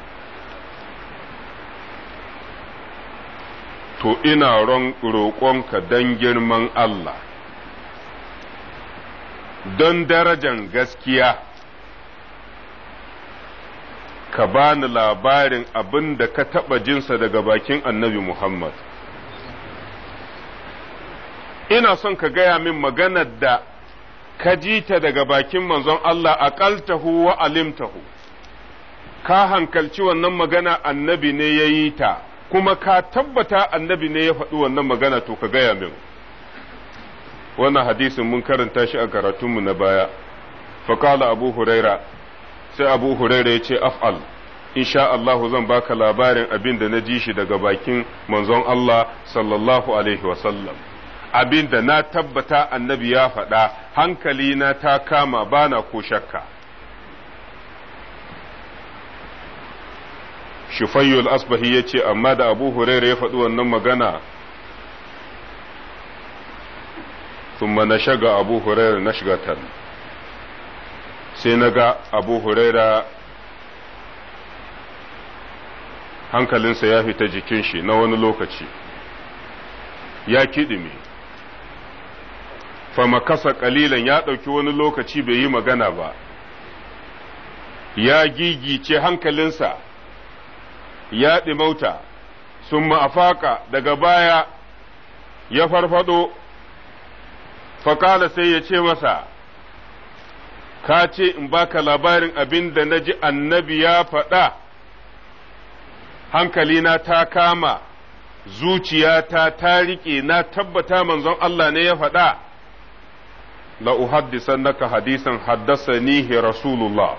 to ina roƙonka don girman Allah, don darajan gaskiya, ka bani labarin abin da ka taɓa jinsa daga bakin annabi Muhammad. Ina son ka gaya min maganar da ka ji ta daga bakin manzon Allah a wa alimtahu, ka hankalci wannan magana annabi ne ya yi ta. kuma ka tabbata annabi ne ya faɗi wannan magana to ka gaya min wannan hadisin mun karanta shi a karatunmu na baya faƙala abu huraira sai abu huraira ya ce af'al insha Allah zan baka labarin abin da na ji shi daga bakin manzon Allah sallallahu alaihi wasallam abin da na tabbata annabi ya faɗa hankali na ta kama bana ko shakka shufayyul asbahi ya ce amma da abu huraira ya faɗi wannan magana na Abu na shiga أبو Sai na ga Abu هريرة hankalinsa ya fita jikin shi na wani lokaci ya kiɗime fama kasa ƙalilan ya ɗauki wani lokaci bai yi magana ba ya gigice hankalinsa Yaɗi mauta sun ma'afaka daga baya ya farfado fakala sai ya ce masa ka ce in baka labarin abin da na ji annabi ya faɗa hankali na ta kama zuciyata ta riƙe na tabbata manzon Allah ne ya faɗa la naka hadisan haddasa nihi rasulullah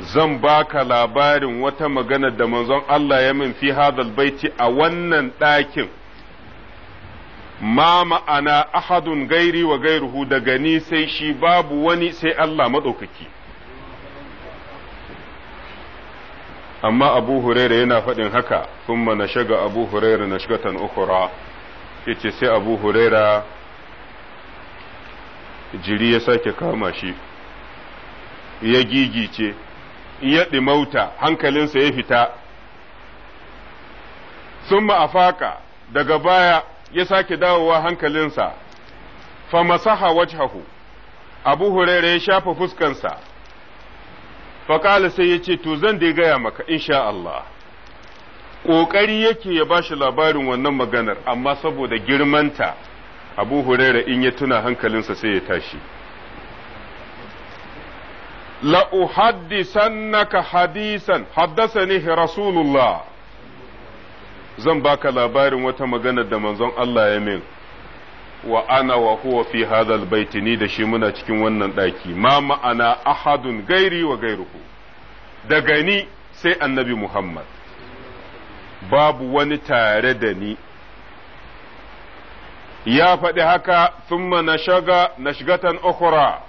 zan baka labarin wata magana da manzon Allah ya min fi hadal baiti a wannan ɗakin ma ma'ana ahadun gairi wa gairuhu daga ni sai shi babu wani sai Allah maɗaukaki amma abu huraira yana faɗin haka sun na shiga abu huraira na shigatan ukura yace sai abu huraira jiri ya sake kama shi ya gigice ya ɗimauta hankalinsa ya fita sun ma'afaka daga baya ya sake dawowa hankalinsa fa masaha wajhahu abu huraira ya shafa fuskansa faƙala sai ya ce to zan dai gaya maka insha Allah ƙoƙari yake ya bashi labarin wannan maganar amma saboda girmanta abu huraira in ya tuna hankalinsa sai ya tashi la'uhaddisannaka hadisan haddasani rasulullah zan baka labarin wata magana da manzon Allah ya min Wa'ana ana wa huwa fi hadhal baiti ni da shi muna cikin wannan ɗaki ma ma'ana ahadun gairi wa gairuhu daga ni sai annabi Muhammad babu wani tare da ni ya faɗi haka thumma nashaga nashgatan ukhra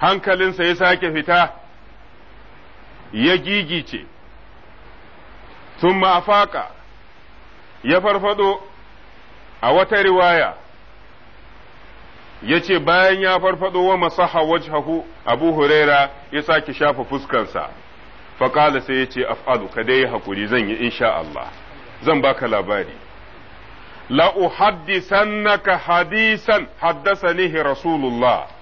hankalinsa ya sake fita ya gigice sun ma'afaƙa ya farfado a wata riwaya ya ce bayan ya farfado wa masaha wajhahu abu huraira ya sake shafa fuskansa faƙala sai yace ce af'alu ka dai hakuri zan yi insha Allah zan baka labari la uhaddisannaka hadisan haddasanihi rasulullah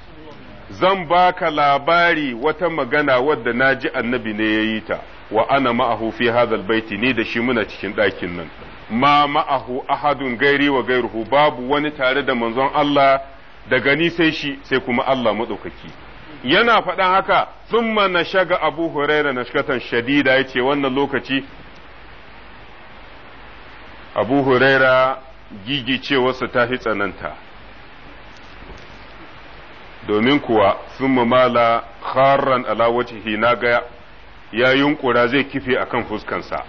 zan baka labari wata magana wadda na ji annabi ne ya yi ta wa ana ma'ahu fi hadal baiti ni da shi muna cikin ɗakin nan ma ma'ahu ahadun gairi wa gairuhu babu wani tare da manzon Allah daga ni sai shi sai kuma Allah maɗaukaki yana faɗan haka thumma na shaga abu huraira na shadida yace wannan lokaci abu huraira gigicewarsa ta fi tsananta domin kuwa sun mamala kharran ala wajhihi na ga ya yunkura zai kife akan fuskansa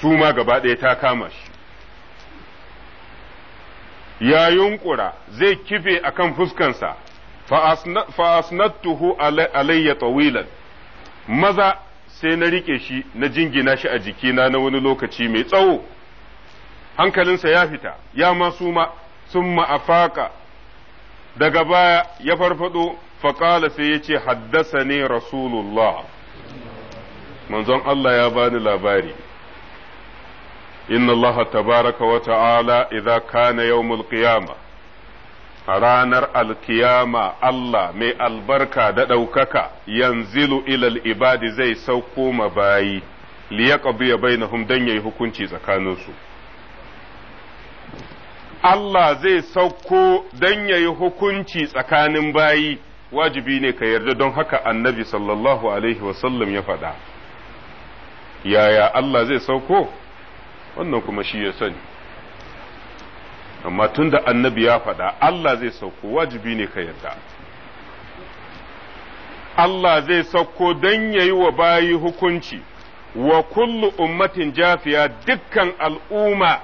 su ma gaba ɗaya ta kama shi ya yunkura zai kife akan fuskansa fa asnattuhu alayya tawilan maza sai na rike shi na jingina shi a jikina na wani lokaci mai tsawo hankalinsa ya fita ya ma su ma sun ma'afaka daga baya ya farfado faƙala sai ya ce haddasa ne rasulullah manzon Allah ya bani labari inna Allah tabaraka wa ta'ala idza kana yawmul qiyama a ranar alkiyama Allah mai albarka da ɗaukaka yanzilu ilal ibadi zai sauko ma bayi liya bai na dan yayi hukunci tsakaninsu. Allah zai sauko don ya yi hukunci tsakanin bayi wajibi ne ka yarda don haka annabi sallallahu alaihi wasallam ya faɗa yaya Allah zai sauko wannan kuma shi ya sani amma tun da annabi ya faɗa Allah zai sauko wajibi ne ka yarda Allah zai sauko don ya yi wa bayi hukunci wa kullu ummatin jafiya dukkan al'umma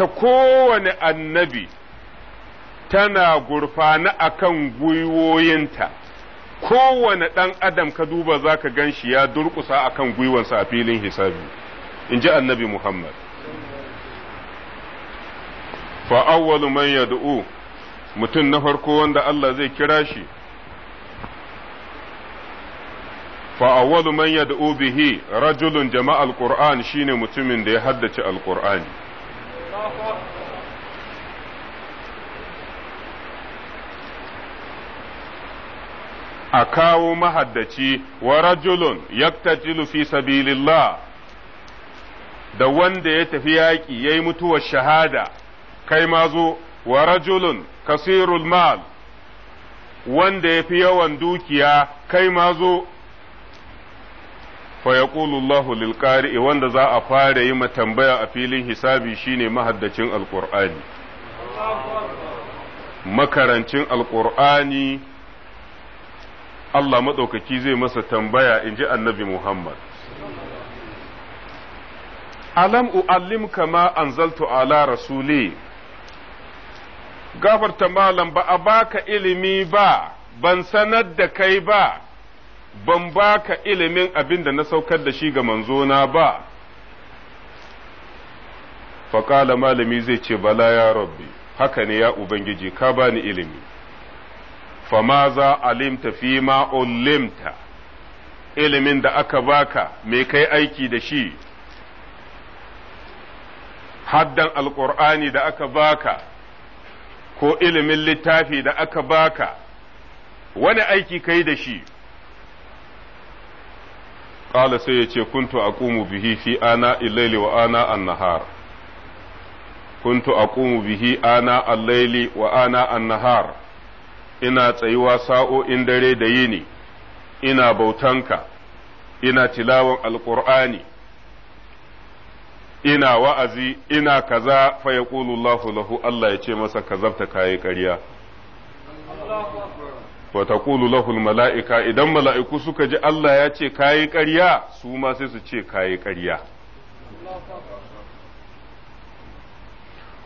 ta kowane annabi tana gurfana akan kan gwiwoyinta kowane ɗan adam ka duba za ka gan shi ya durƙusa akan kan gwiwansa a filin hisabi in ji annabi muhammad fa'awwalu man yad'u mutum na farko wanda Allah zai kira shi fa'awwalu man yad'u bihi rajulun jama'al qur'an shine mutumin da ya haddace alqur'ani a kawo mahaddaci wa rajulun yaktajilu fi sabilillah da wanda ya tafi yaƙi ya yi mutuwar shahada kai ma zo wa rajulun kasirul mal wanda ya fi yawan dukiya kai ma zo fa yaqulu Allahu lil qari'i wanda za a fara yi tambaya a filin hisabi shine mahaddacin alqur'ani makarancin alqur'ani Allah madaukaki zai masa tambaya inji annabi Muhammad alam uallim ma anzaltu ala rasuli gafarta malam ba a baka ilimi ba ban sanar da kai ba ban baka ilimin abin da na saukar da shi ga manzona ba faƙala malami zai ce bala ya rabbi haka ne ya ubangiji ka bani ilimi fama za alimta fi ma ulimta ilimin da aka baka me kai aiki da shi haddan alƙur'ani da aka baka ko ilimin littafi da aka baka wani aiki kai da shi qala sai yace ce kuntu aqumu bihi fi ana al-layli wa ana an-nahar kuntu aqumu bihi ana al-layli wa ana an-nahar ina tsayuwa sa'o'in dare da yini ina bautanka ina tilawar alqur'ani ina wa'azi ina kaza fa yaqulu Allahu Allah ya ce masa kazabta kai ƙarya wa taqulu lahu mala'ika idan mala'iku suka ji Allah ya ce kayi ƙarya su ma sai su ce kayi ƙarya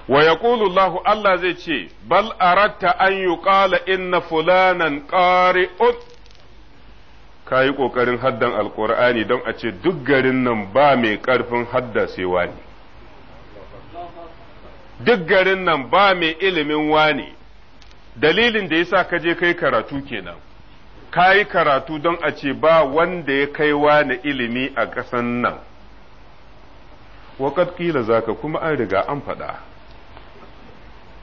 wa yaqulu Allahu Allah zai ce bal aratta an yuqala inna fulanan qari'un kayi kokarin haddan alqur'ani don a ce duk garin nan ba mai karfin hadda sai wani duk garin nan ba mai ilimin wani dalilin da yasa ka je kai karatu kenan ka yi karatu don a ce ba wanda ya kaiwa na ilimi a ƙasan nan waƙat ƙila zaka kuma an riga an faɗa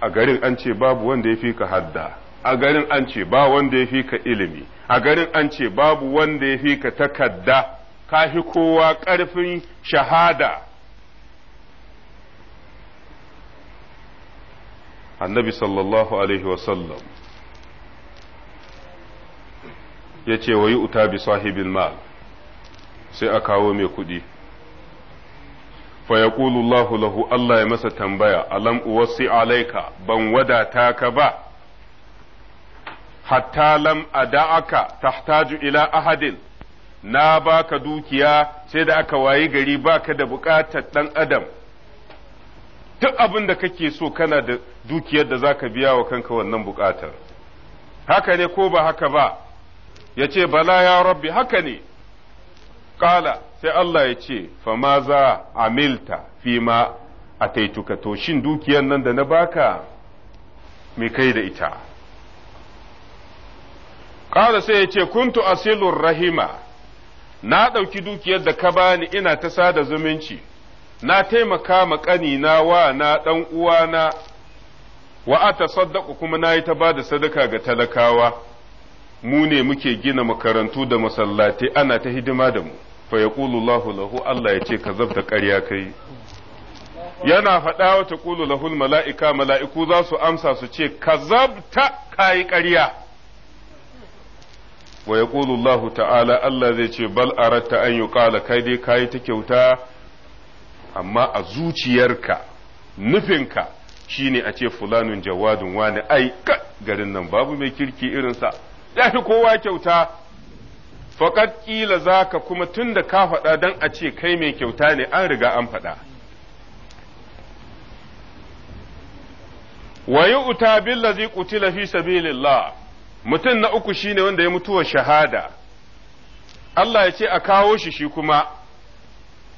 a garin an ce babu wanda ya fi ka hadda a garin an ce ba wanda ya fi ka ilimi a garin an ce babu wanda ya fi ka takadda ka fi kowa ƙarfin shahada annabi sallallahu alaihi wasallam ya ce wa yi uta bi sahibin mal sai a kawo mai kuɗi fa ya lahu Allah ya masa tambaya alam uwassi alaika ban wadata ka ba hatta lam ada'aka tahtaju ila ahadin na baka dukiya sai da aka wayi gari baka da buƙatar ɗan adam duk abin da kake so kana da dukiyar da zaka biya wa kanka wannan buƙatar haka ne ko ba haka ba ya ce bala ya rabbi haka ne kala sai Allah ya ce fa ma za amilta fima a taituka to shin dukiyar nan da na baka me kai da ita kala sai ya ce kuntu asilur rahima na ɗauki dukiyar da ka bani ina ta sada zumunci na taimaka ma ƙanina wa na ɗan uwana wa a kuma na yi ta bada sadaka ga talakawa mu ne muke gina makarantu da masallatai ana ta hidima da mu fa yaqulu Allahu lahu Allah ya ce kazabta ƙarya kai yana faɗa wa taqulu lahul mala'ika mala'iku za su amsa su ce kazabta kayi ƙarya wa yaqulu Allahu ta'ala Allah zai ce bal aratta an yuqala kai dai kai ta kyauta amma a zuciyarka nufinka shine a ce fulanun jawadun wani ai garin nan babu mai kirki irinsa ya fi kowa kyauta faƙat ƙila za ka kuma tun da ka faɗa don a ce kai mai kyauta ne an riga an faɗa Waye uta billazi qutila fi sabilillah mutum na uku shine wanda ya mutuwa shahada Allah ya ce a kawo shi shi kuma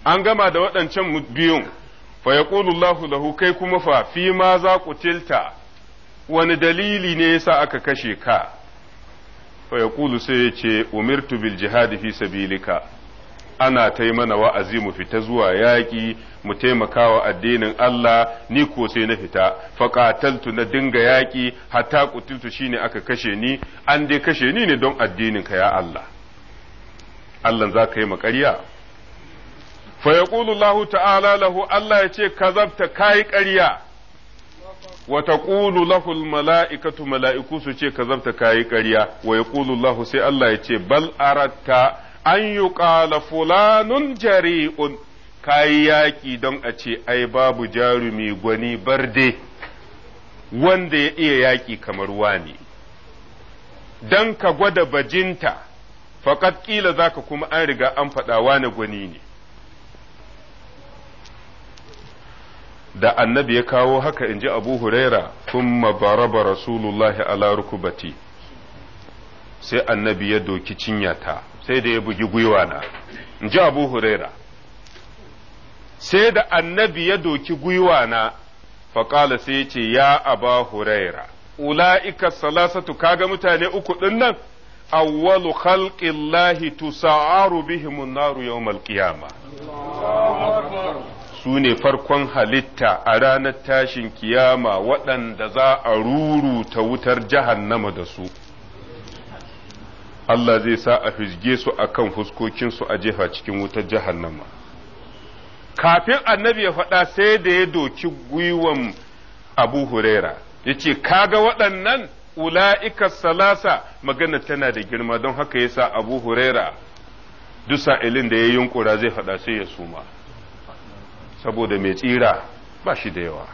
an gama da waɗancan biyun fa yaqulu lahu kai kuma fa fi ma za tilta wani dalili ne yasa aka kashe ka fa sai ya ce umirtu bil jihadi fi sabilika ana ta mana wa'azi mu fita zuwa yaƙi mu taimakawa addinin Allah ni ko sai na fita faƙataltu na dinga yaƙi hatta shi shine aka kashe ni an dai kashe ni ne don addinin ka ya Allah Allah za ka yi maƙarya fa yaqulu Allah ta'ala lahu Allah ya ce kazabta kai ƙarya wa taqulu lahu malaikatu mala'iku su ce zabta kai ƙarya wa yaqulu Allah sai Allah ya ce bal aratta an yuqala fulanun jari'un kai yaƙi don a ce ai babu jarumi gwani barde wanda ya iya yaƙi kamar wani dan ka gwada bajinta faƙat ƙila za ka kuma an riga an faɗa wani gwani ne da annabi ya kawo haka in ji abu huraira thumma baraba rasulullahi ala rukubati sai annabi ya doki cinyata sai da ya bugi gwiwana in ji abu huraira sai da annabi ya doki gwiwa na faƙala sai ce ya aba huraira ula'ika salasatu kaga mutane uku ɗin nan awwalu khalqillahi tusa'aru bihimun naru yawmal qiyamah su ne farkon halitta a ranar tashin kiyama waɗanda za a ruruta wutar jahannama da su Allah zai sa a fisge su a kan fuskokinsu a jefa cikin wutar jahannama kafin annabi ya faɗa sai da ya doki gwiwan abu huraira ya ce kaga waɗannan ula'ika salasa magana tana da girma don haka ya sa abu huraira duk sa'ilin da ya yi yunkura zai faɗa sai ya suma saboda mai tsira ba shi da yawa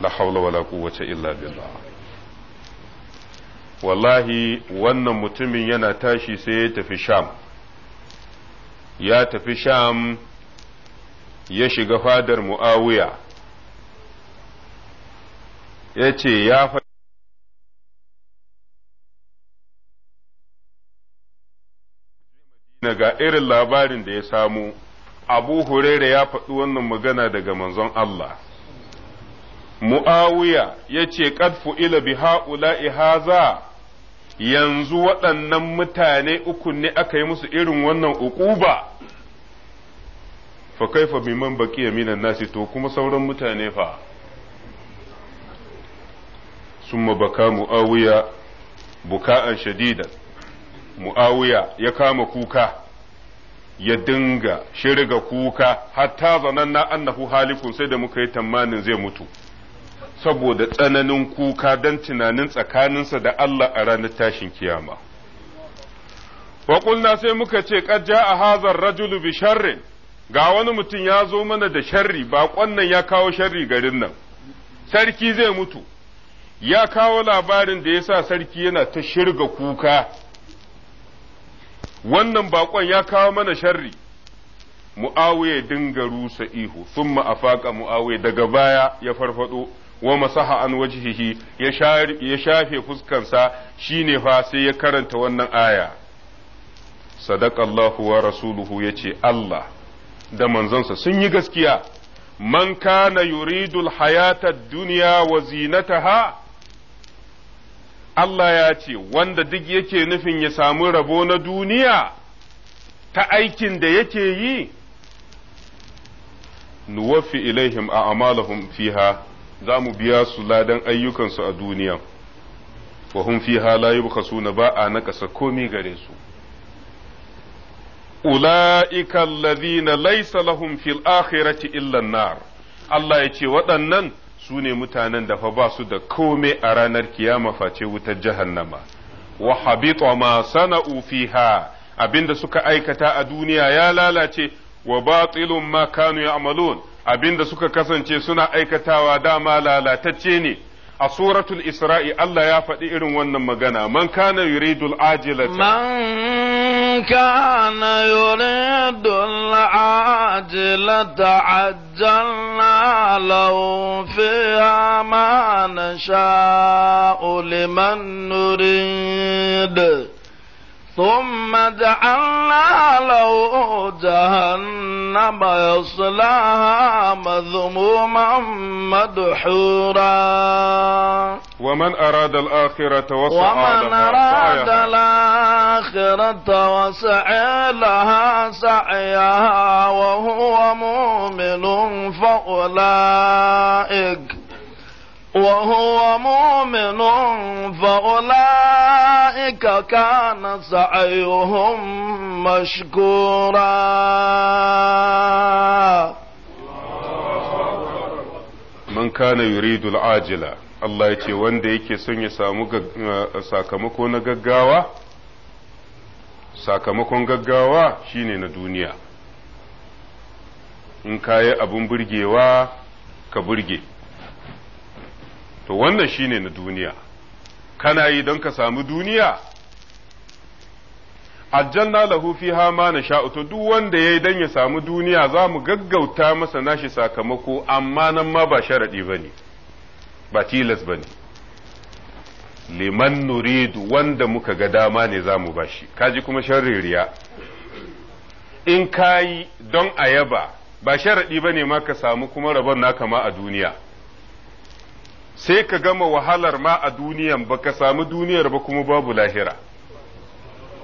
la haula wala quwwata illa billah wallahi wannan mutumin yana tashi sai ya tafi sham ya tafi sham ya shiga fadar mu'awiya ya ce ya ga irin labarin da ya samu abu huraira ya faɗi wannan magana daga manzon Allah mu'awiya ya ce ƙadfu ila bi ha'ula'i haza yanzu waɗannan mutane uku ne aka yi musu irin wannan uquba fa kaifa man baqiya minan nasi to kuma sauran mutane fa summa baka mu'awiya buka'an shadidan mu'awiya ya kama kuka ya dinga shirga kuka hatta na annahu halikun sai da muka yi tamanin zai mutu saboda tsananin kuka don tunanin tsakaninsa da Allah a ranar tashin kiyama wa sai muka ce qad jaa hadha rajulu bi sharrin ga wani mutum ya zo mana da sharri baƙon nan ya kawo sharri garin nan sarki zai mutu ya kawo labarin da ya sa sarki yana ta shirga kuka wannan baƙon ya kawo mana sharri mu'awiya dinga rusa ihu Summa ma'afaka mu'awiya daga baya ya farfado wa masaha an wajihihi ya shafe fuskansa shine fa sai ya karanta wannan aya sadaqallahu wa rasuluhu yace Allah da manzonsa sun yi gaskiya man kana yuridul hayata duniya wa zinataha Allah ya ce wanda duk yake nufin ya samu rabo na duniya ta aikin da yake yi nuwafi ilaihim a amalahum fiha za mu biya su ladan ayyukansu a duniya wa hum fiha la yubkhasuna ba a nakasa komi gare su ula'ika alladhina laisa lahum fil akhirati illan nar Allah ya ce waɗannan su ne mutanen da fa ba su da kome a ranar kiyama face wutar jahannama wa habita ma sana'u fiha abinda suka aikata a duniya ya lalace wa batilun ma kanu ya'malun abinda suka kasance suna aikatawa dama lalatacce ne a suratul Isra'i Allah ya faɗi irin wannan magana man kana yuridul ajilata man kana yuridul ajilata ajjalna lahu fiha ma nasha'u liman nurid ثم جعلنا له جهنم يصلاها مذموما مدحورا ومن أراد الآخرة وسعى ومن أراد الآخرة وسعى لها سعيها وهو مؤمن فأولئك وهو مؤمن فأولئك كان سعيهم مشكورا من كان يريد العاجلة Allah ya ce wanda yake son ya samu sakamako na gaggawa, sakamakon gaggawa shine na duniya, in kayi abun burgewa ka burge. to wannan shine na duniya kana yi don ka samu duniya aljanna lahu fiha ma nasha'u to duk wanda yayi don ya samu duniya za mu gaggauta masa nashi sakamako amma nan ma ba sharadi bane ba tilas bane liman nuridu wanda muka ga dama ne za mu bashi kaji kuma sharririya in kayi don ayaba ba sharadi bane ma ka samu kuma rabon naka ma a duniya sai ka gama wahalar ma a duniyan ba ka samu duniyar ba kuma babu lahira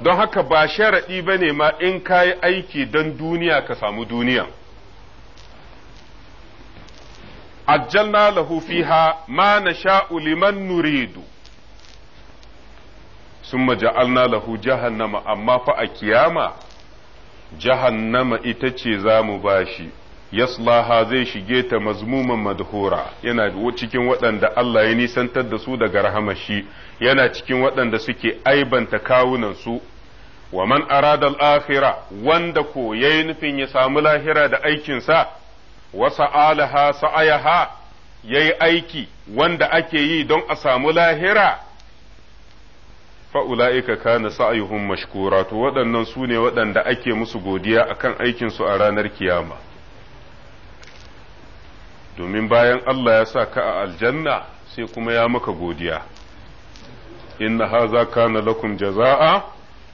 don haka ba sharaɗi ba ne ma in ka yi aiki don duniya ka samu duniyan ajjalna lahu fiha ma sha’u liman nuridu summa ja'alna lahu jahannama amma fa a kiyama jahannama ita ce za mu shi yaslaha zai shige ta mazmuman madhura yana cikin waɗanda Allah ya nisantar da su daga rahama shi yana cikin waɗanda suke aibanta kawunan su wa man arada al-akhira wanda ko yayi nufin ya samu lahira da aikin sa wa sa'alaha sa'ayaha yayi aiki wanda ake yi don a samu lahira fa ulaika kana sa'yuhum mashkura to waɗannan su ne waɗanda ake musu godiya akan aikin su a ranar kiyama domin bayan Allah ya sa ka a aljanna sai kuma ya maka godiya inna haza kana lakum jaza'a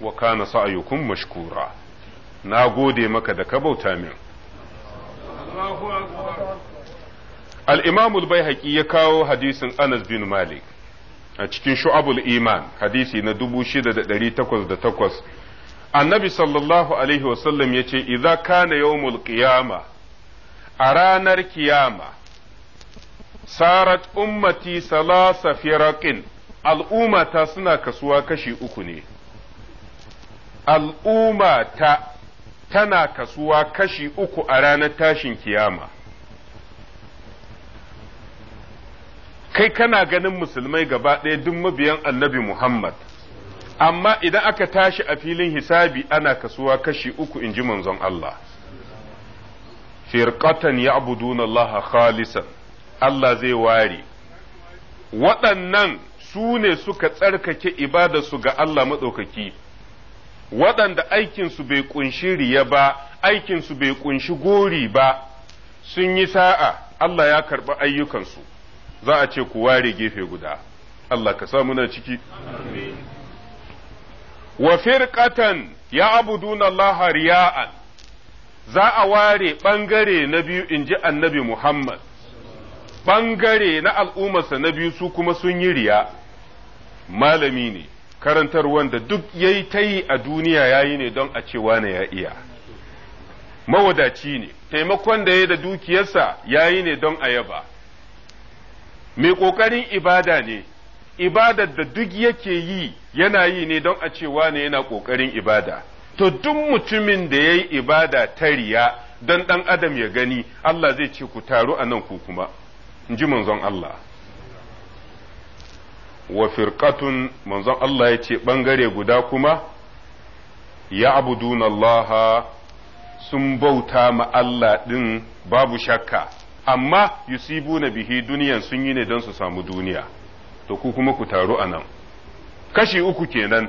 wa kana sa'yukum mashkura na gode maka da ka bauta min al-imam al ya kawo hadisin Anas bin Malik a cikin shu'abul iman hadisi na 6808 annabi sallallahu alaihi wasallam yace idza kana yawmul qiyamah a ranar kiyama sarat ummati salasa firaqin al'ummata suna kasuwa kashi uku ne al'ummata tana kasuwa kashi uku a ranar tashin kiyama kai kana ganin musulmai gaba ɗaya duk mabiyan annabi Muhammad amma idan aka tashi a filin hisabi ana kasuwa kashi uku in ji manzon Allah firqatan ya'buduna Allah khalisan Allah zai ware waɗannan su ne suka tsarkake ibadarsu ga Allah maɗaukaki waɗanda aikinsu bai ƙunshi riya ba aikinsu bai ƙunshi gori ba sun yi sa'a Allah ya karɓi ayyukansu za a ce ku ware gefe guda Allah ka samu na ciki wa firqatan ya Allah riya'an za a ware ɓangare na biyu in ji annabi Muhammad, ɓangare na al'ummarsa na biyu su kuma sun yi riya, malami ne, karantar wanda duk ya yi ta yi a duniya ya yi ne don a cewa ne ya iya. Mawadaci ne, taimakon da ya da dukiyarsa ya yi ne don a yaba. Mai ƙoƙarin ibada ne, ibadar da duk yake yi yana yi ne don a cewa ne yana ƙoƙarin ibada. to duk mutumin da ya yi ibada ta riya don ɗan adam ya gani Allah zai ce ku taru a nan ku kuma in ji manzon Allah wa firqatun manzon Allah ya ce ɓangare guda kuma ya abuduna Allah sun bauta ma Allah ɗin babu shakka amma na bihi duniyan sun yi ne don su samu duniya to ku kuma ku taru a nan kashi uku kenan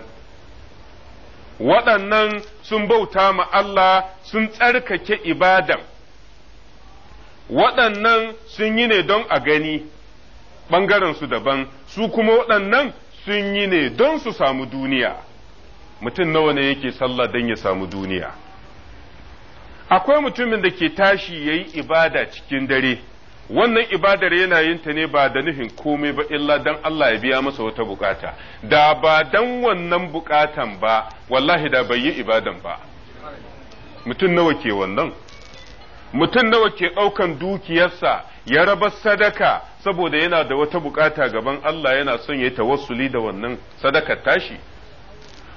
waɗannan sun bauta ma Allah sun tsarkake ibada waɗannan sun yi ne don a gani ɓangarensu daban su kuma waɗannan sun yi ne don su samu duniya mutum nawa ne yake sallah don ya samu duniya akwai mutumin da ke tashi ya yi ibada cikin dare wannan ibadar yana yin ta ne ba da nufin komai ba illa dan Allah ya biya masa wata bukata da ba dan wannan bukatan ba wallahi da bai yi ibadan ba mutum nawa ke wannan mutum nawa ke ɗaukan dukiyarsa ya raba sadaka saboda yana da wata bukata gaban Allah yana son ya tawassuli da wannan sadakar tashi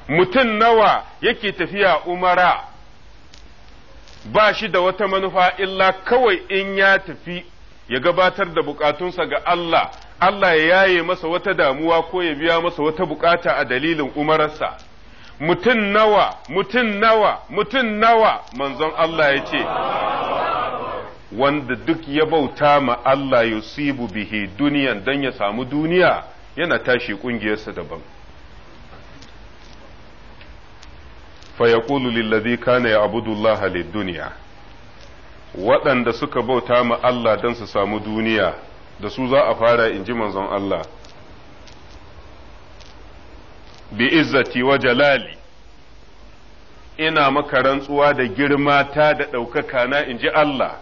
mutum nawa yake tafiya umara ba shi da wata manufa illa kawai in ya tafi ya gabatar da bukatunsa ga Allah Allah ya yaye masa wata damuwa ko ya biya masa wata bukata a dalilin umararsa mutum nawa mutum nawa mutum nawa manzon Allah ya ce wanda duk ya bauta ma Allah yusibu bihi duniyan don ya samu duniya yana tashi ƙungiyarsa daban fa Kulu lillazi kana abudu Allah waɗanda suka bauta ma Allah don su samu duniya da su za a fara in ji manzon Allah bi izzati wa jalali ina maka rantsuwa da girma ta da ɗaukaka na in ji Allah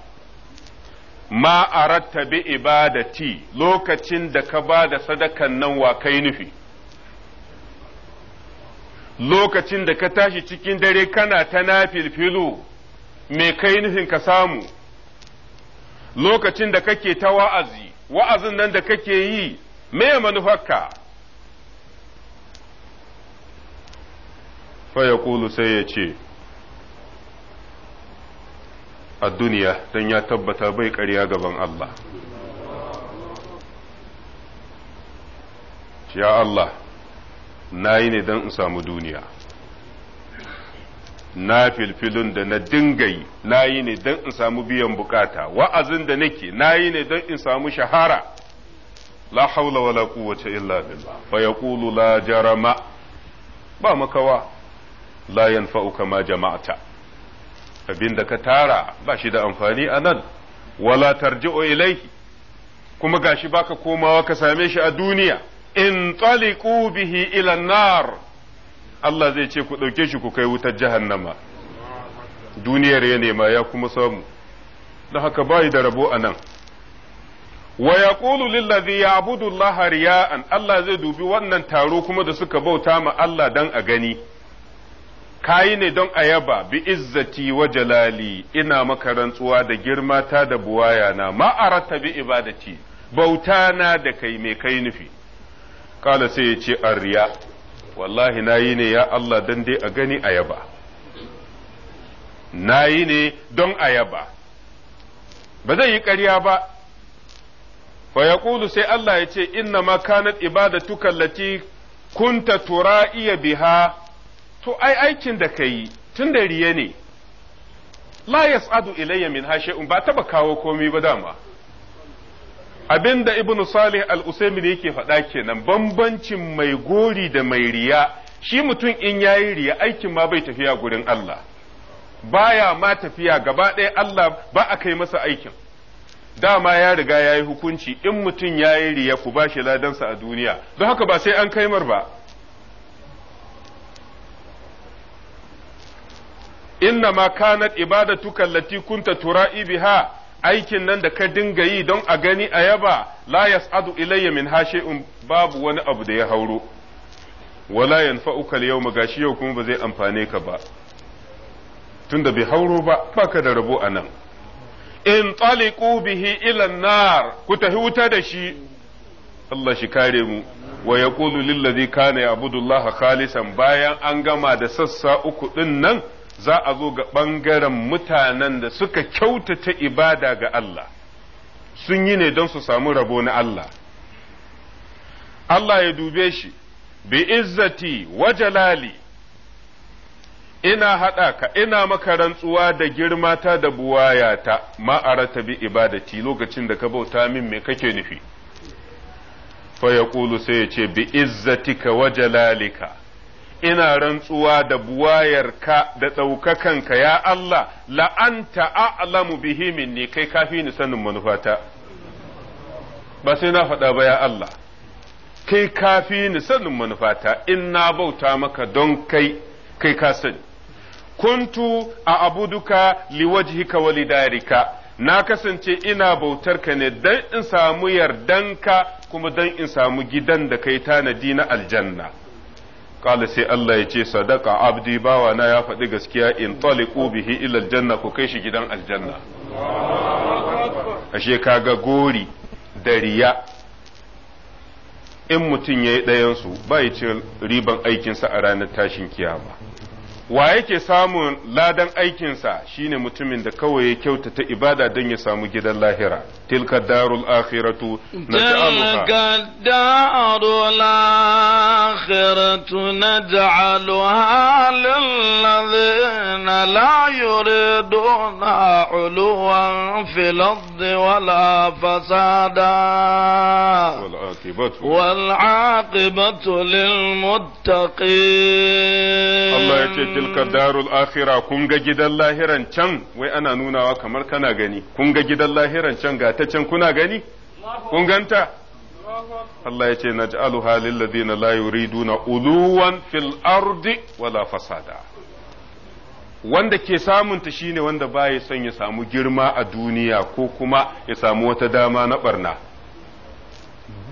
ma a bi ibadati lokacin da ka ba da sadakan nan wa kai nufi lokacin da ka tashi cikin dare kana ta nafilfilu me kai nufin ka samu lokacin da kake ta wa'azi wa'azin nan da kake yi me manufarka Faya Kulu sai ya ce a duniya don ya tabbata bai ƙarya gaban Allah ya Allah na yi ne don in samu duniya na filfilun da na dingayi na yi ne don in samu biyan bukata wa'azin da nake na yi ne don in samu shahara la haula la quwwata illa billah fa yaqulu la jarama ba makawa la yanfa'uka kama jama'ata abinda ka tara ba shi da amfani a nan wala tarji'u ilaihi kuma gashi baka komawa ka same shi a duniya in taliqu bihi ila nar Allah zai ce ku ɗauke shi ku kai wutar jahannama duniyar ya nema ya kuma samu da haka bayi da rabo a nan wa yaqulu lillazi abudu Allah ya'an Allah zai dubi wannan taro kuma da suka bauta ma Allah dan a gani kayi ne don a yaba bi izzati wa jalali ina maka rantsuwa da girma ta da buwaya na ma'arata bi ibadati bauta na da kai me kai nufi kala sai ya ce riya wallahi na yi ne ya Allah don dai a gani a yaba na yi ne don a yaba ba zai yi karya ba fa Kulu sai Allah ya ce inna ma kanat ibadatuka ta tura iya biha to ai aikin da kai tun da riye ne la yas'adu ilayya min shay'un ba taba kawo komai ba dama Abin da ibn salih al-usaimin yake faɗa kenan bambancin mai gori da mai riya shi mutum in yayi riya aikin ma bai tafiya gurin Allah baya ma tafiya gaba ɗaya Allah ba a kai masa aikin dama ya riga ya yi hukunci in mutum ya yi riya ku ba shi ladansa a duniya don haka ba sai an kaimar ba inna ma kanat ibadatuka allati kunta tura'i biha aikin nan da ka dinga yi don a gani a yaba la yas'adu ilayya min hashiun babu wani abu da ya hauro wala yanfa'uka al-yawma gashi yau kuma ba zai amfane ka ba tunda bai hauro ba baka da rabo anan in taliqu bihi ila nar ku tahi wuta da shi Allah shi kare mu wa yaqulu lil ladhi kana ya'budu Allah khalisan bayan an gama da sassa uku din nan za a zo ga ɓangaren mutanen da suka kyautata ibada ga Allah sun yi ne don su samu rabo na Allah Allah ya dube shi bi izzati wa jalali ina haɗa ka ina maka rantsuwa da girmata da buwayata ma'arata bi ibadati lokacin da ka bauta min me kake nufi fa ya sai ya ce bi izzatika wa jalalika ina rantsuwa da buwayarka da ɗaukakanka ya Allah la'anta a'lamu bihi ne kai kafi ni sanin manufata ba sai na faɗa ba ya Allah kai kafi ni sanin manufata in na bauta maka don kai kai ka sani kuntu a abuduka liwajhika wa walidarika na kasance ina bautar ka ne don in samu yardanka kuma don in samu gidan da kai tanadi na aljanna kala sai Allah ya ce sadaka abdi bawa na ya faɗi gaskiya in taliqu bihi ila aljanna ku kai shi gidan aljanna ashe kaga gori da riya in mutum ya yi ɗayansu ba ya ce riban aikinsa a ranar tashin kiyama wa yake samun ladan aikinsa shine mutumin da kawai ya kyautata ibada don ya samu gidan lahira tilka darul akhiratu tilka darul akhiratu naj'aluha lil ladhina la yuriduna uluwan fil ardi wala fasada wal aqibatu lil muttaqin Allah yake Kilkar darul akhira kun ga gidan lahiran can wai ana nunawa kamar kana gani kun ga gidan lahiran can ga ta can kuna gani kun ganta Allah ya ce ji lil ladina la yuriduna uluwan fil ardi wala fasada wanda ke samunta shine wanda baya son ya samu girma a duniya ko kuma ya samu wata dama na barna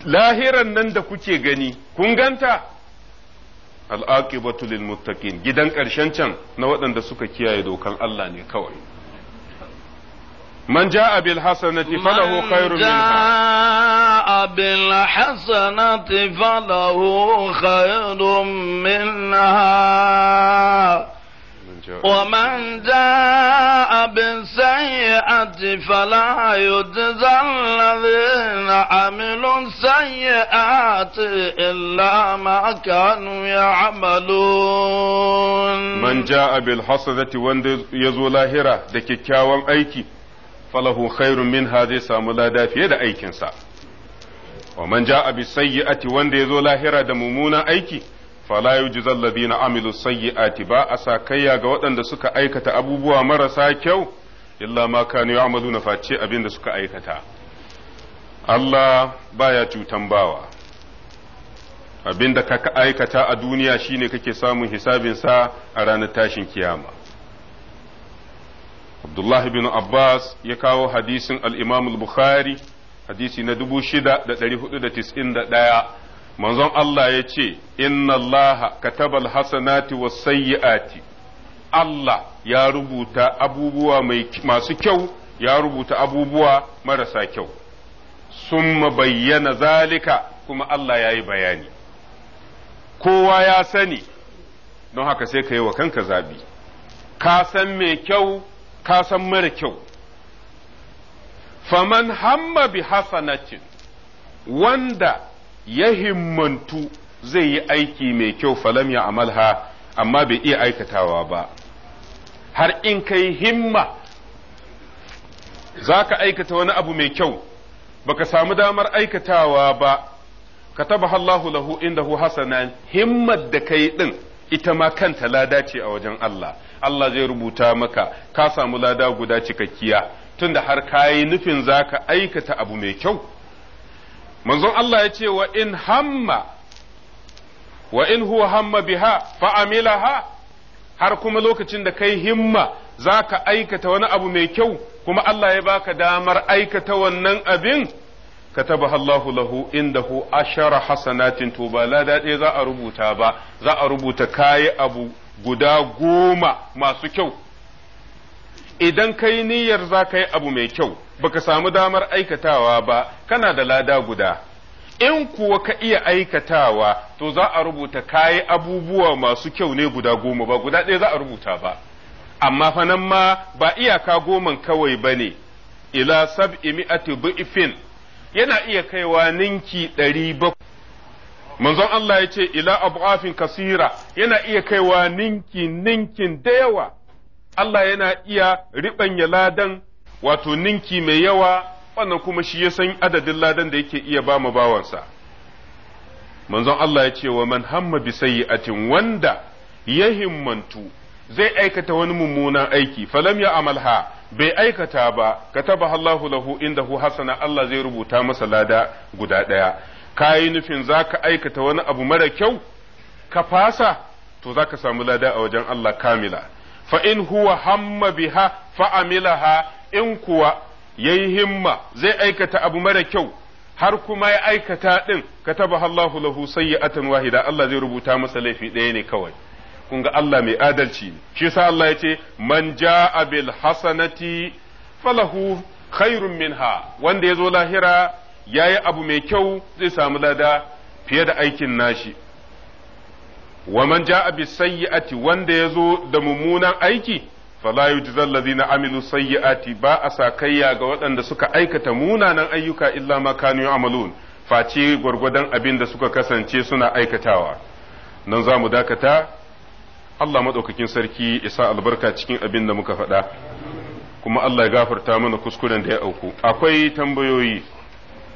lahiran nan da kuke gani kun ganta al'aqibatu lil muttaqin gidan ƙarshen can na waɗanda suka kiyaye dokan Allah ne kawai man ja'a bil hasanati falahu khairun minha bil hasanati falahu khairun minha ومن جاء بالسيئة فلا يجزى الذين عملوا السيئات إلا ما كانوا يعملون من جاء بالحصدة وند يزو لاهرة دكيكاوام أيكي فله خير من هذه سامولا دافية دا أيكنسا ومن جاء بالسيئة وند يزو لاهرة دمومونا أيكي fala yujzal ladina amilu sayyi'ati ba a sakayya ga waɗanda suka aikata abubuwa marasa kyau illa ma kanu ya'maluna face abin da suka aikata Allah baya cutan bawa abinda kaka aikata a duniya shine kake samun sa a ranar tashin kiyama Abdullahi bin Abbas ya kawo hadisin al-Imam al-Bukhari hadisi na 6491 manzon Allah ya ce inna Allah katabal hasanati was sayyiati Allah ya rubuta abubuwa masu kyau ya rubuta abubuwa marasa kyau sun bayyana zalika kuma Allah ya yi bayani kowa ya sani don haka sai ka yi wa kanka zabi ka san mai kyau ka san mara kyau faman hamma bi hasanatin wanda ya himmantu zai yi aiki mai kyau falam ya amalha amma bai iya aikatawa ba har in kai himma za ka aikata wani abu mai kyau baka samu damar aikatawa ba ka taba Allahu lahu hu hasanan himmar da kai ɗin ita ma kanta lada ce a wajen Allah Allah zai rubuta maka ka samu lada guda cikakkiya tunda har ka yi nufin za ka aikata abu mai kyau manzon Allah ya ce wa in hamma wa in huwa hamma biha fa amilaha har kuma lokacin da kai himma za ka aikata wani abu mai kyau kuma Allah ya baka damar aikata wannan abin كتبها الله له indahu ashara hasanatin tuba la دادي za a rubuta ba za a rubuta kayi abu guda goma masu kyau idan kai niyyar za ka yi abu mai kyau baka samu damar aikatawa ba kana da lada guda in kuwa ka iya aikatawa to za a rubuta kayi abubuwa masu kyau ne guda goma ba guda ɗaya za a rubuta ba amma fa ma ba iyaka goman kawai ba ne ila sab mi'ati du'ifin yana iya kaiwa ninki ɗari bakwai manzon Allah ya ce ila abu'afin kasira yana iya kaiwa ninki ninkin da yawa Allah yana iya riɓanya ladan wato ninki mai yawa wannan kuma shi ya san adadin ladan da yake iya ba mu bawansa manzon Allah ya ce wa man hamma bi sayyi'atin wanda ya himmantu zai aikata wani mummunan aiki falam ya amalha bai aikata ba kataba Allahu lahu hu hasana Allah zai rubuta masa lada guda ɗaya kayi nufin zaka aikata wani abu mara kyau ka fasa to zaka samu lada a wajen Allah kamila fa in huwa hamma biha fa amilaha in kuwa ya yi himma zai aikata abu mara kyau har kuma ya aikata ɗin ka taba Allahu lahu sayyi'atan wahida Allah zai rubuta masa laifi ɗaya ne kawai kun ga Allah mai adalci ne shi yasa Allah ya ce man ja'a bil hasanati falahu khairun minha wanda ya zo lahira ya yi abu mai kyau zai samu lada fiye da aikin nashi wa man ja'a bis sayyi'ati wanda ya zo da mummunan aiki fala yujzal ladina amilu sayyiati ba a sakayya ga waɗanda suka aikata munanan ayyuka illa ma kanu ya'malun face gwargwadon abin da suka kasance suna aikatawa nan zamu dakata Allah maɗaukakin sarki isa albarka cikin abin da muka faɗa kuma Allah ya gafarta mana kuskuren da ya auku akwai tambayoyi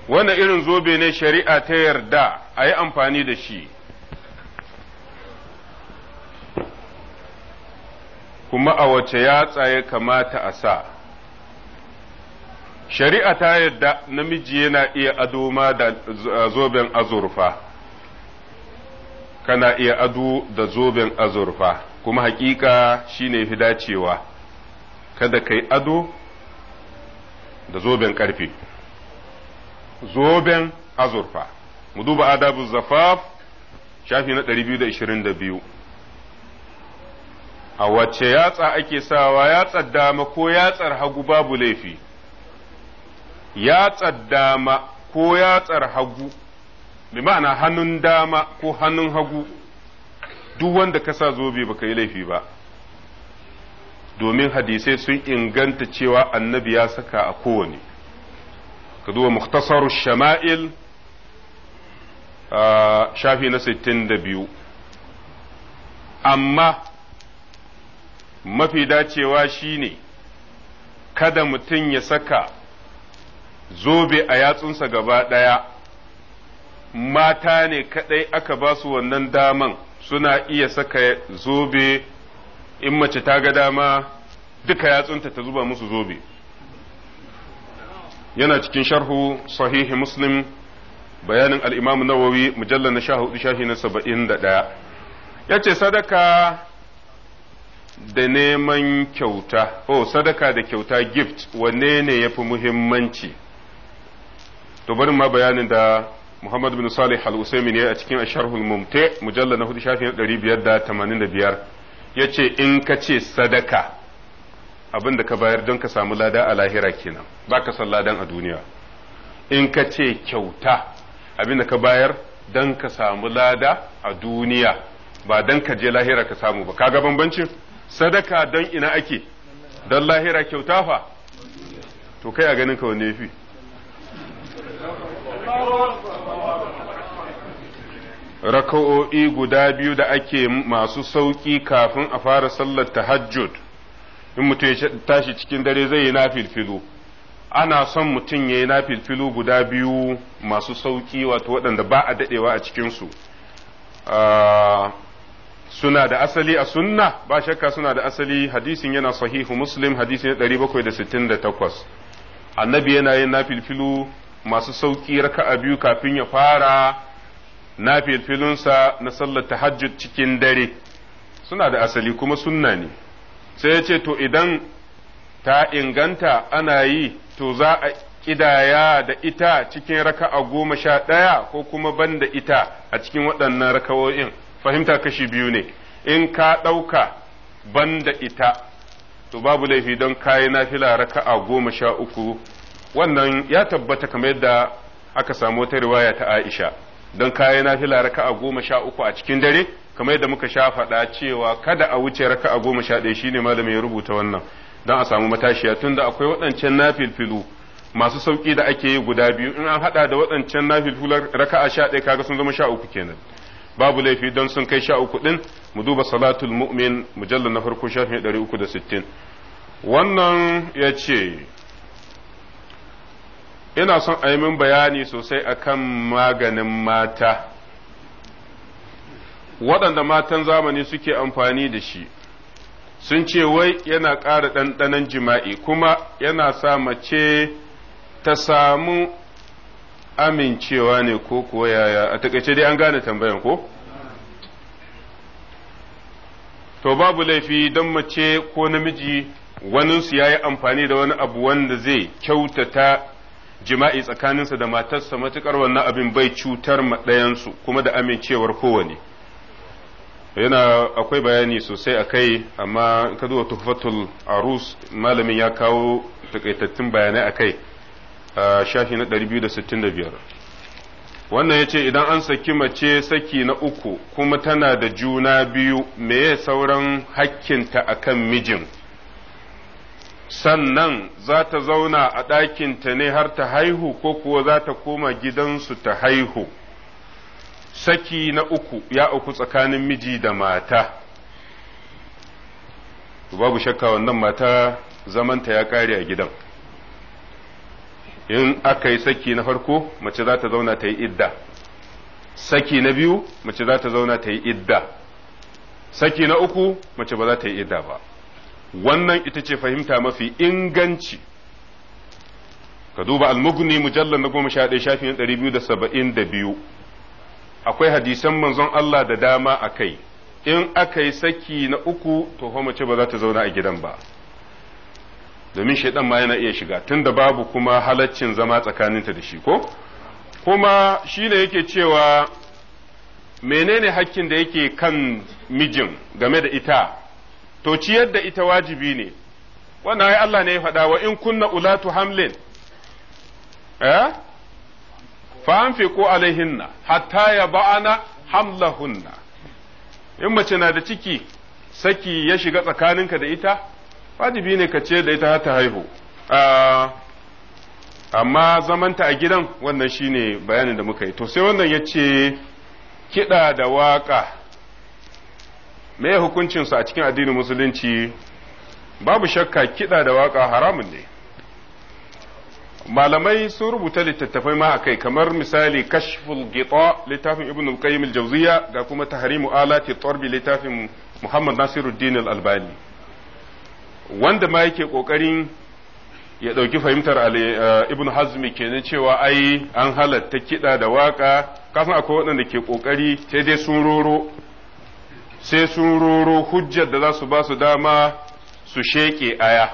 wannan irin zobe ne shari'a ta yarda a yi amfani da shi kuma a wace yatsa ya kamata a sa shari'a ta yadda namiji yana iya ado ma da zoben azurfa kana iya ado da zoben azurfa kuma hakika shine fi dacewa kada kai ado da zoben karfe zoben azurfa mu duba adabu zafaf shafi na 222 a wace yatsa ake sawa yatsa dama ko yatsar hagu babu laifi Yatsa dama ko yatsar hagu bi ma'ana hannun dama ko hannun hagu duk wanda ka sa zobe baka yi laifi ba domin hadisai sun inganta cewa annabi ya saka a kowane ka duba Muktasar shama'il ah, shafi na 62 amma mafi dacewa shine kada mutum ya saka zobe a yatsunsa gaba ɗaya mata ne kaɗai aka ba su wannan daman suna iya saka zobe in mace ta ga dama duka yatsunta ta zuba musu zobe yana cikin sharhu sahihi muslim bayanin Al'imamu nawawi mujallar na sha hudu sha na saba'in da ɗaya ya ce sadaka da neman kyauta oh sadaka da kyauta gift wanne ne ya fi muhimmanci to bari ma bayanin da Muhammad bin Salih al ne a cikin Asharhul Mumti mujalla na hudu shafin 585 yace in ka ce sadaka abin da ka bayar don ka samu lada a lahira kenan baka san ladan a duniya in ka ce kyauta abin da ka bayar don ka samu lada a duniya ba don ka je lahira ka samu ba kaga bambancin sadaka don ina ake don lahira kyauta fa to kai a ganin ka wanne fi raka'o'i guda biyu da ake masu sauƙi kafin a fara sallar tahajjud in mutum ya tashi cikin dare zai yi nafilfilu ana son mutum ya yi nafilfilu guda biyu masu sauƙi wato waɗanda ba a daɗewa a cikinsu ah, suna da asali a sunna ba shakka suna da asali hadisin yana sahihu muslim hadisi na 768 annabi yana yin nafilfilu masu sauki raka'a biyu kafin ya fara nafilfilunsa na sallar tahajjud cikin dare suna da asali kuma sunna ne sai ya ce to idan ta inganta ana yi to za a ƙidaya da ita cikin raka'a goma sha ɗaya ko kuma banda ita a cikin waɗannan raka'o'in fahimta kashi biyu ne in ka ɗauka banda ita to babu laifi don kayi nafila raka'a goma sha uku wannan ya tabbata kamar yadda aka samu wata riwaya ta Aisha don kayi nafila raka'a goma sha uku a cikin dare kamar yadda muka sha faɗa cewa kada a wuce raka'a goma sha ɗaya shine malami ya rubuta wannan don a samu matashiya tunda akwai waɗancan nafilfilu masu sauƙi da ake yi guda biyu in an haɗa da waɗancan nafilfilar raka'a sha ɗaya kaga sun zama sha uku kenan babu laifi don sun kai sha uku din mu duba salatul mu'min mujallar na farko shafin wannan ya ce ina son a yi min bayani sosai akan maganin mata waɗanda matan zamani suke amfani da shi sun ce wai yana ƙara ɗanɗanon jima'i kuma yana sa mace ta samu amincewa ne ko kuwa yaya a takaice dai an gane tambayan ko to babu laifi don mace ko namiji waninsu ya yi amfani da wani abu wanda zai kyautata jima'i tsakaninsa da matarsa matukar wannan abin bai cutar ɗayansu kuma da amincewar kowane yana akwai bayani sosai akai kai amma ka zuwa arus malamin ya kawo takaitattun bayanai akai. shafi na 265 wannan ya ce idan an saki mace saki na uku kuma tana da juna biyu meye sauran hakkinta a kan mijin sannan za ta zauna a ɗakinta ne har ta haihu ko kuwa za ta koma gidansu ta haihu saki na uku ya uku tsakanin miji da mata babu shakka wannan mata zamanta ya ƙare a gidan in aka yi saki na farko mace za ta zauna ta yi idda saki na biyu mace za ta zauna ta yi idda saki na uku mace ba za ta yi idda ba wannan ita ce fahimta mafi inganci ka duba almugni mujallar na goma sha ɗaya shafin ɗari biyu da saba'in da biyu akwai hadisan manzon Allah da dama a kai in aka yi saki na uku to mace ba za ta zauna a gidan ba domin shaidan ma yana iya shiga tunda babu kuma halaccin zama tsakaninta da shi ko kuma shi ne yake cewa menene hakkin da yake kan mijin game da ita to ciyar da ita wajibi ne wannan ai Allah ne ya faɗa wa in kunna ulatu hamlin eh fa anfiqu alaihinna hatta yab'ana hamlahunna in mace na da ciki saki ya shiga tsakaninka da ita wajibi ne ka ce da ita ta haihu ah, amma zamanta a gidan wannan shine bayanin da muka yi to sai wannan ya ce kiɗa da waƙa me hukuncinsu a cikin addinin musulunci babu shakka kiɗa da waƙa haramun ne malamai sun rubuta littattafai ma a kai kamar misali kashful gita littafin ibn al-qayyim al-jawziya da kuma tahrimu alati tarbi littafin muhammad nasiruddin al-albani wanda ma yake ƙoƙarin ya ɗauki fahimtar eh, ibn hazmi kenan cewa ai an halatta kiɗa da waƙa kasan akwai waɗanda ke ƙoƙari sai dai sun roro sai sun roro hujjar da za su ba su dama su sheƙe aya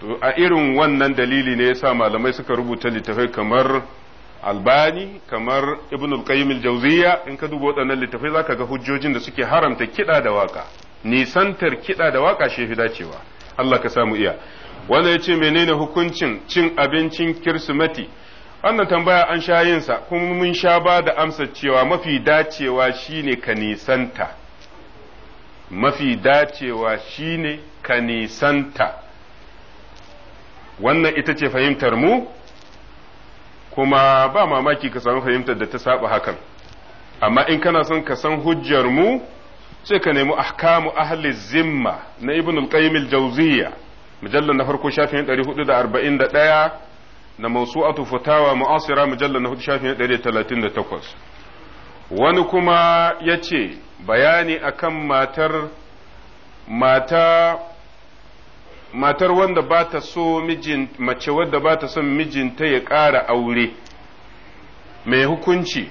to a irin wannan dalili ne yasa malamai suka rubuta littafai kamar albani kamar ibn al-qayyim al-jawziya in ka duba waɗannan littafai zaka ga hujjojin da suke haramta kiɗa da waƙa. nisantar kiɗa da waka shi fi dacewa Allah ka samu iya wanda ya ce menene hukuncin cin abincin kirsimati wannan tambaya an sha yinsa kuma mun sha ba da amsa cewa mafi dacewa shine ka nisanta mafi dacewa shine ka nisanta wannan ita ce fahimtar mu kuma ba mamaki ka samu fahimtar da ta saba hakan amma in kana son ka san hujjar mu sai ka nemi ahkamu ahli zimma na ibn al-qayyim al-jawziyya mujallal na farko shafin 441 da mawsu'atu fatawa mu'asira mujallal na hudu shafin 138 wani kuma yace bayani akan matar mata matar wanda ba ta so mijin mace wanda ba ta son mijinta ya ƙara aure mai hukunci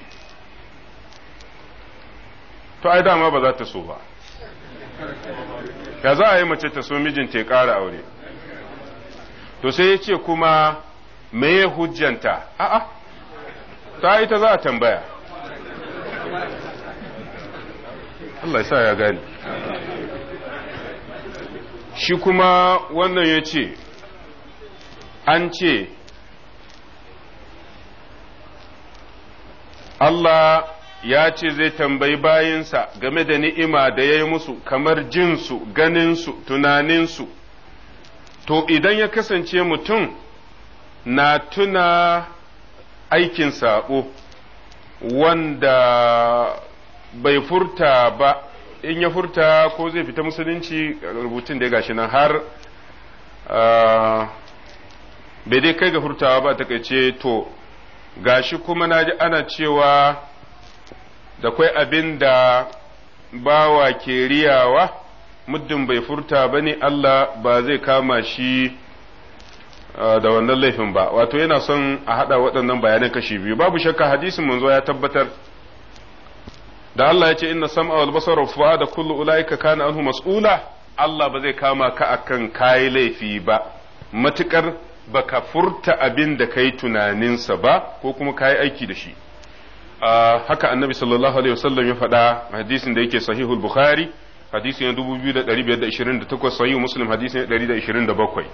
to ai dama ba za ta so ba ya za a yi mace ta so mijinta ya ƙara aure to sai ya ce kuma meye hujjanta a'a ta ita za a tambaya Allah sa ya gani shi kuma wannan ya ce an ce Allah ya ce zai tambayi bayinsa game da ni'ima da ya yi musu kamar jinsu ganinsu tunaninsu to idan ya kasance mutum na tuna aikin saƙo wanda bai furta ba in ya furta ko zai fita musulunci rubutun da ya gashi nan har ah, bai dai kai ga furtawa ba takaice to gashi kuma na ji ana cewa da kwai abin da bawa ke riyawa muddin bai furta ba ne Allah ba zai kama shi ah, da wannan laifin ba wato yana son a haɗa waɗannan bayanan kashi biyu babu shakka hadisin manzo ya tabbatar da Allah ya ce inna sam'a wal basara fu'a da kullu ulaika kana anhu mas'ula Allah ba zai kama ka akan kayi laifi ba matukar baka furta abin da kai tunaninsa ba ko kuma kayi aiki da shi haka annabi sallallahu alaihi wasallam ya faɗa hadisin da yake sahihul bukhari hadisi na 2528 sahih muslim hadisi na 127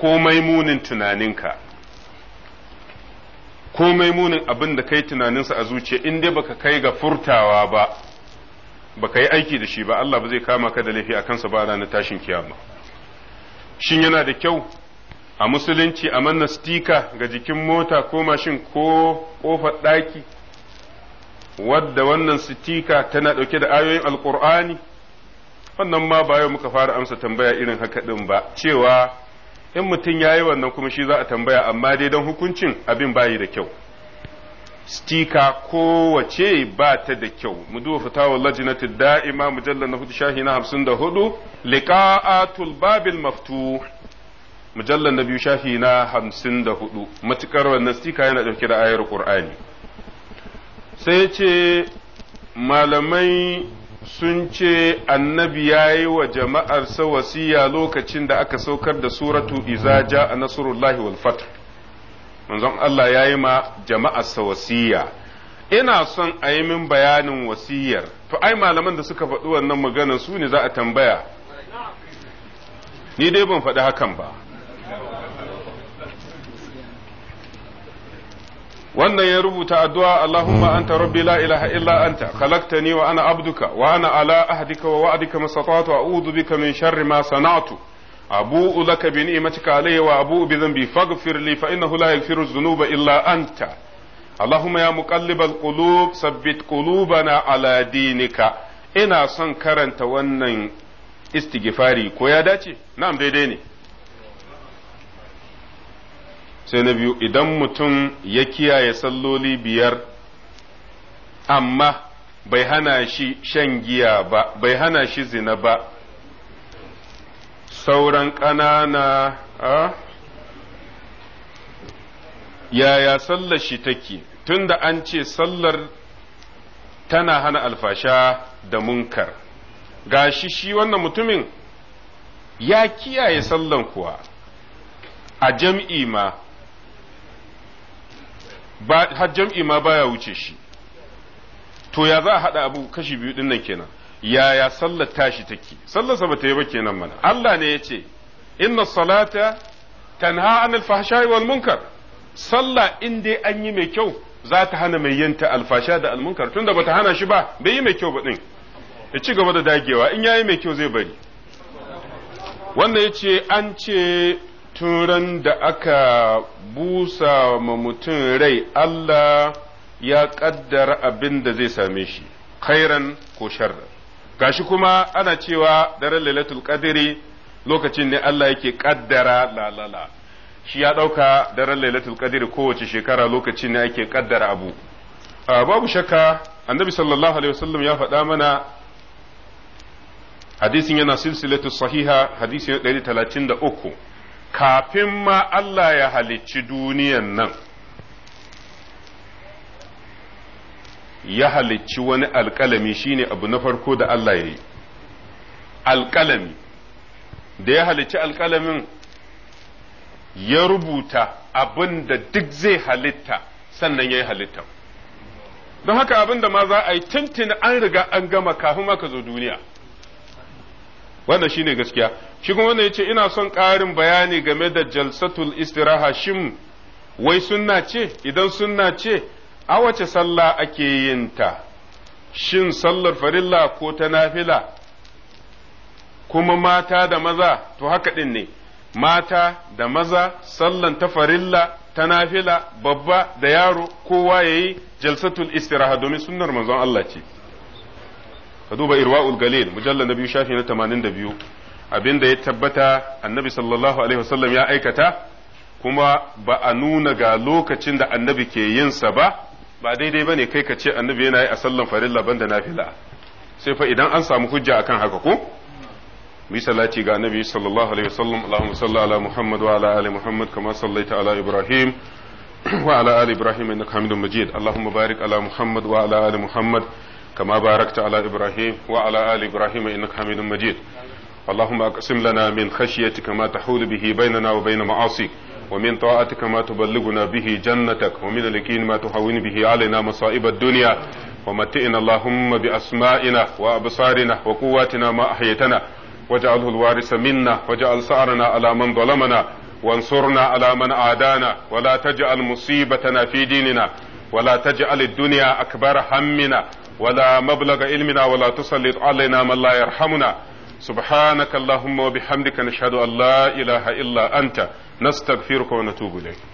komai munin tunaninka komai munin abin da kai tunaninsa a zuciya in dai baka kai ga furtawa ba baka yi aiki da shi ba Allah ba zai kama ka da laifi a kansa ba ranar tashin kiyama shin yana da kyau a musulunci a manna stika ga jikin mota ko mashin ko kofar ɗaki wadda wannan sitika tana ɗauke da ayoyin alƙur'ani wannan ma ba yau muka fara amsa tambaya irin haka ɗin ba cewa in mutum ya yi wannan kuma shi za a tambaya amma dai dan hukuncin abin ba bayi da kyau stika kowace ba ta da kyau mu duba fitawar lajinatu da'ima mujallar na hudu shahi na hamsin da hudu liqa'atul babil maftu mujallar na biyu shahi na hamsin da hudu matukar wannan stika yana ɗauke da ayar qur'ani sai ce malamai sun ce annabi ya yi wa jama'arsa wasiya lokacin da aka saukar da suratu izaja a nasarullahi wal fatu manzon Allah ya yi ma jama’ar wasiya ina son a yi min bayanin wasiyar to ai malaman da suka faɗi wannan maganar su ne za a tambaya ni dai ban faɗi hakan ba wannan ya rubuta addu'a Allahumma anta rabbi la ilaha illa anta khalaqtani wa ana abduka wa ana ala ahdika wa wa'dika masatatu udu bika min sharri ma sana'tu abu'u laka bi ni'matika alayya wa abu'u bi dhanbi faghfir li fa innahu la yaghfiru dhunuba illa anta Allahumma ya muqallibal qulub sabbit qulubana ala dinika ina son karanta wannan istighfari ko ya dace na'am daidai ne sai na biyu idan mutum ya kiyaye salloli biyar amma bai hana shi shan giya ba bai hana shi zina ba sauran ƙanana a yaya sallar shi take tunda an ce sallar tana hana alfasha da munkar gashi shi wannan mutumin ya kiyaye sallan kuwa a jam'i ma har jam'i ma baya wuce shi to ya za a haɗa abu kashi biyu ɗin nan kenan yaya sallar tashi take sallarsa bata ta yi ba kenan mana Allah ne ya ce inna salata tanha anil fahsha'i wal munkar sallah in dai an yi mai kyau za ta hana mai yanta alfasha da almunkar tunda bata hana shi ba bai yi mai kyau ba din ya ci gaba da dagewa in yayi mai kyau zai bari wannan ya ce an ce turan da aka busa ma mutum rai Allah ya ƙaddara abin da zai same shi khairan ko sharran gashi kuma ana cewa daren lailatul qadri lokacin ne Allah yake ƙaddara lalala shi ya ɗauka daren lailatul qadri kowace shekara lokacin ne ake ƙaddara abu ah, babu shakka annabi sallallahu alaihi wasallam ya faɗa mana hadisin yana silsilatu sahiha hadisi 133 kafin ma Allah ya halicci duniyan nan ya halicci wani alƙalami shine abu na farko da Allah ya yi alƙalami da ya halicci alƙalamin ya rubuta abin da duk zai halitta sannan ya yi halitta don haka abin da ma za a yi tuntuni an riga an gama kafin ma ka zo duniya wannan shine gaskiya shi kuma wannan yace ina son ƙarin bayani game da jalsatul istiraha shin wai sunna ce idan sunna ce a wace sallah ake yin ta shin sallar farilla ko ta nafila kuma mata da maza to haka din ne mata da maza sallan ta farilla ta nafila babba da yaro kowa yayi jalsatul istiraha domin sunnar manzon Allah ce ka duba irwa'ul galil mujallal na biyu shafi na 82 abinda ya tabbata annabi sallallahu alaihi wasallam ya aikata kuma ba a nuna ga lokacin da annabi ke yin sa ba ba daidai bane kai ka ce annabi yana yi a sallan farilla banda nafila sai fa idan an samu hujja akan haka ko mu salati ga annabi sallallahu alaihi wasallam Allahumma salli ala Muhammad wa ala ali Muhammad kama sallaita ala Ibrahim wa ala ali Ibrahim innaka Hamidum Majid Allahumma barik ala Muhammad wa ala ali Muhammad كما باركت على إبراهيم وعلى آل إبراهيم إنك حميد مجيد اللهم أقسم لنا من خشيتك ما تحول به بيننا وبين معاصيك ومن طاعتك ما تبلغنا به جنتك ومن اليقين ما تهون به علينا مصائب الدنيا ومتئنا اللهم بأسمائنا وأبصارنا وقواتنا ما أحيتنا واجعله الوارث منا واجعل سعرنا على من ظلمنا وانصرنا على من عادانا ولا تجعل مصيبتنا في ديننا ولا تجعل الدنيا أكبر همنا ولا مبلغ علمنا ولا تسلط علينا من لا يرحمنا سبحانك اللهم وبحمدك نشهد أن لا إله إلا أنت نستغفرك ونتوب إليك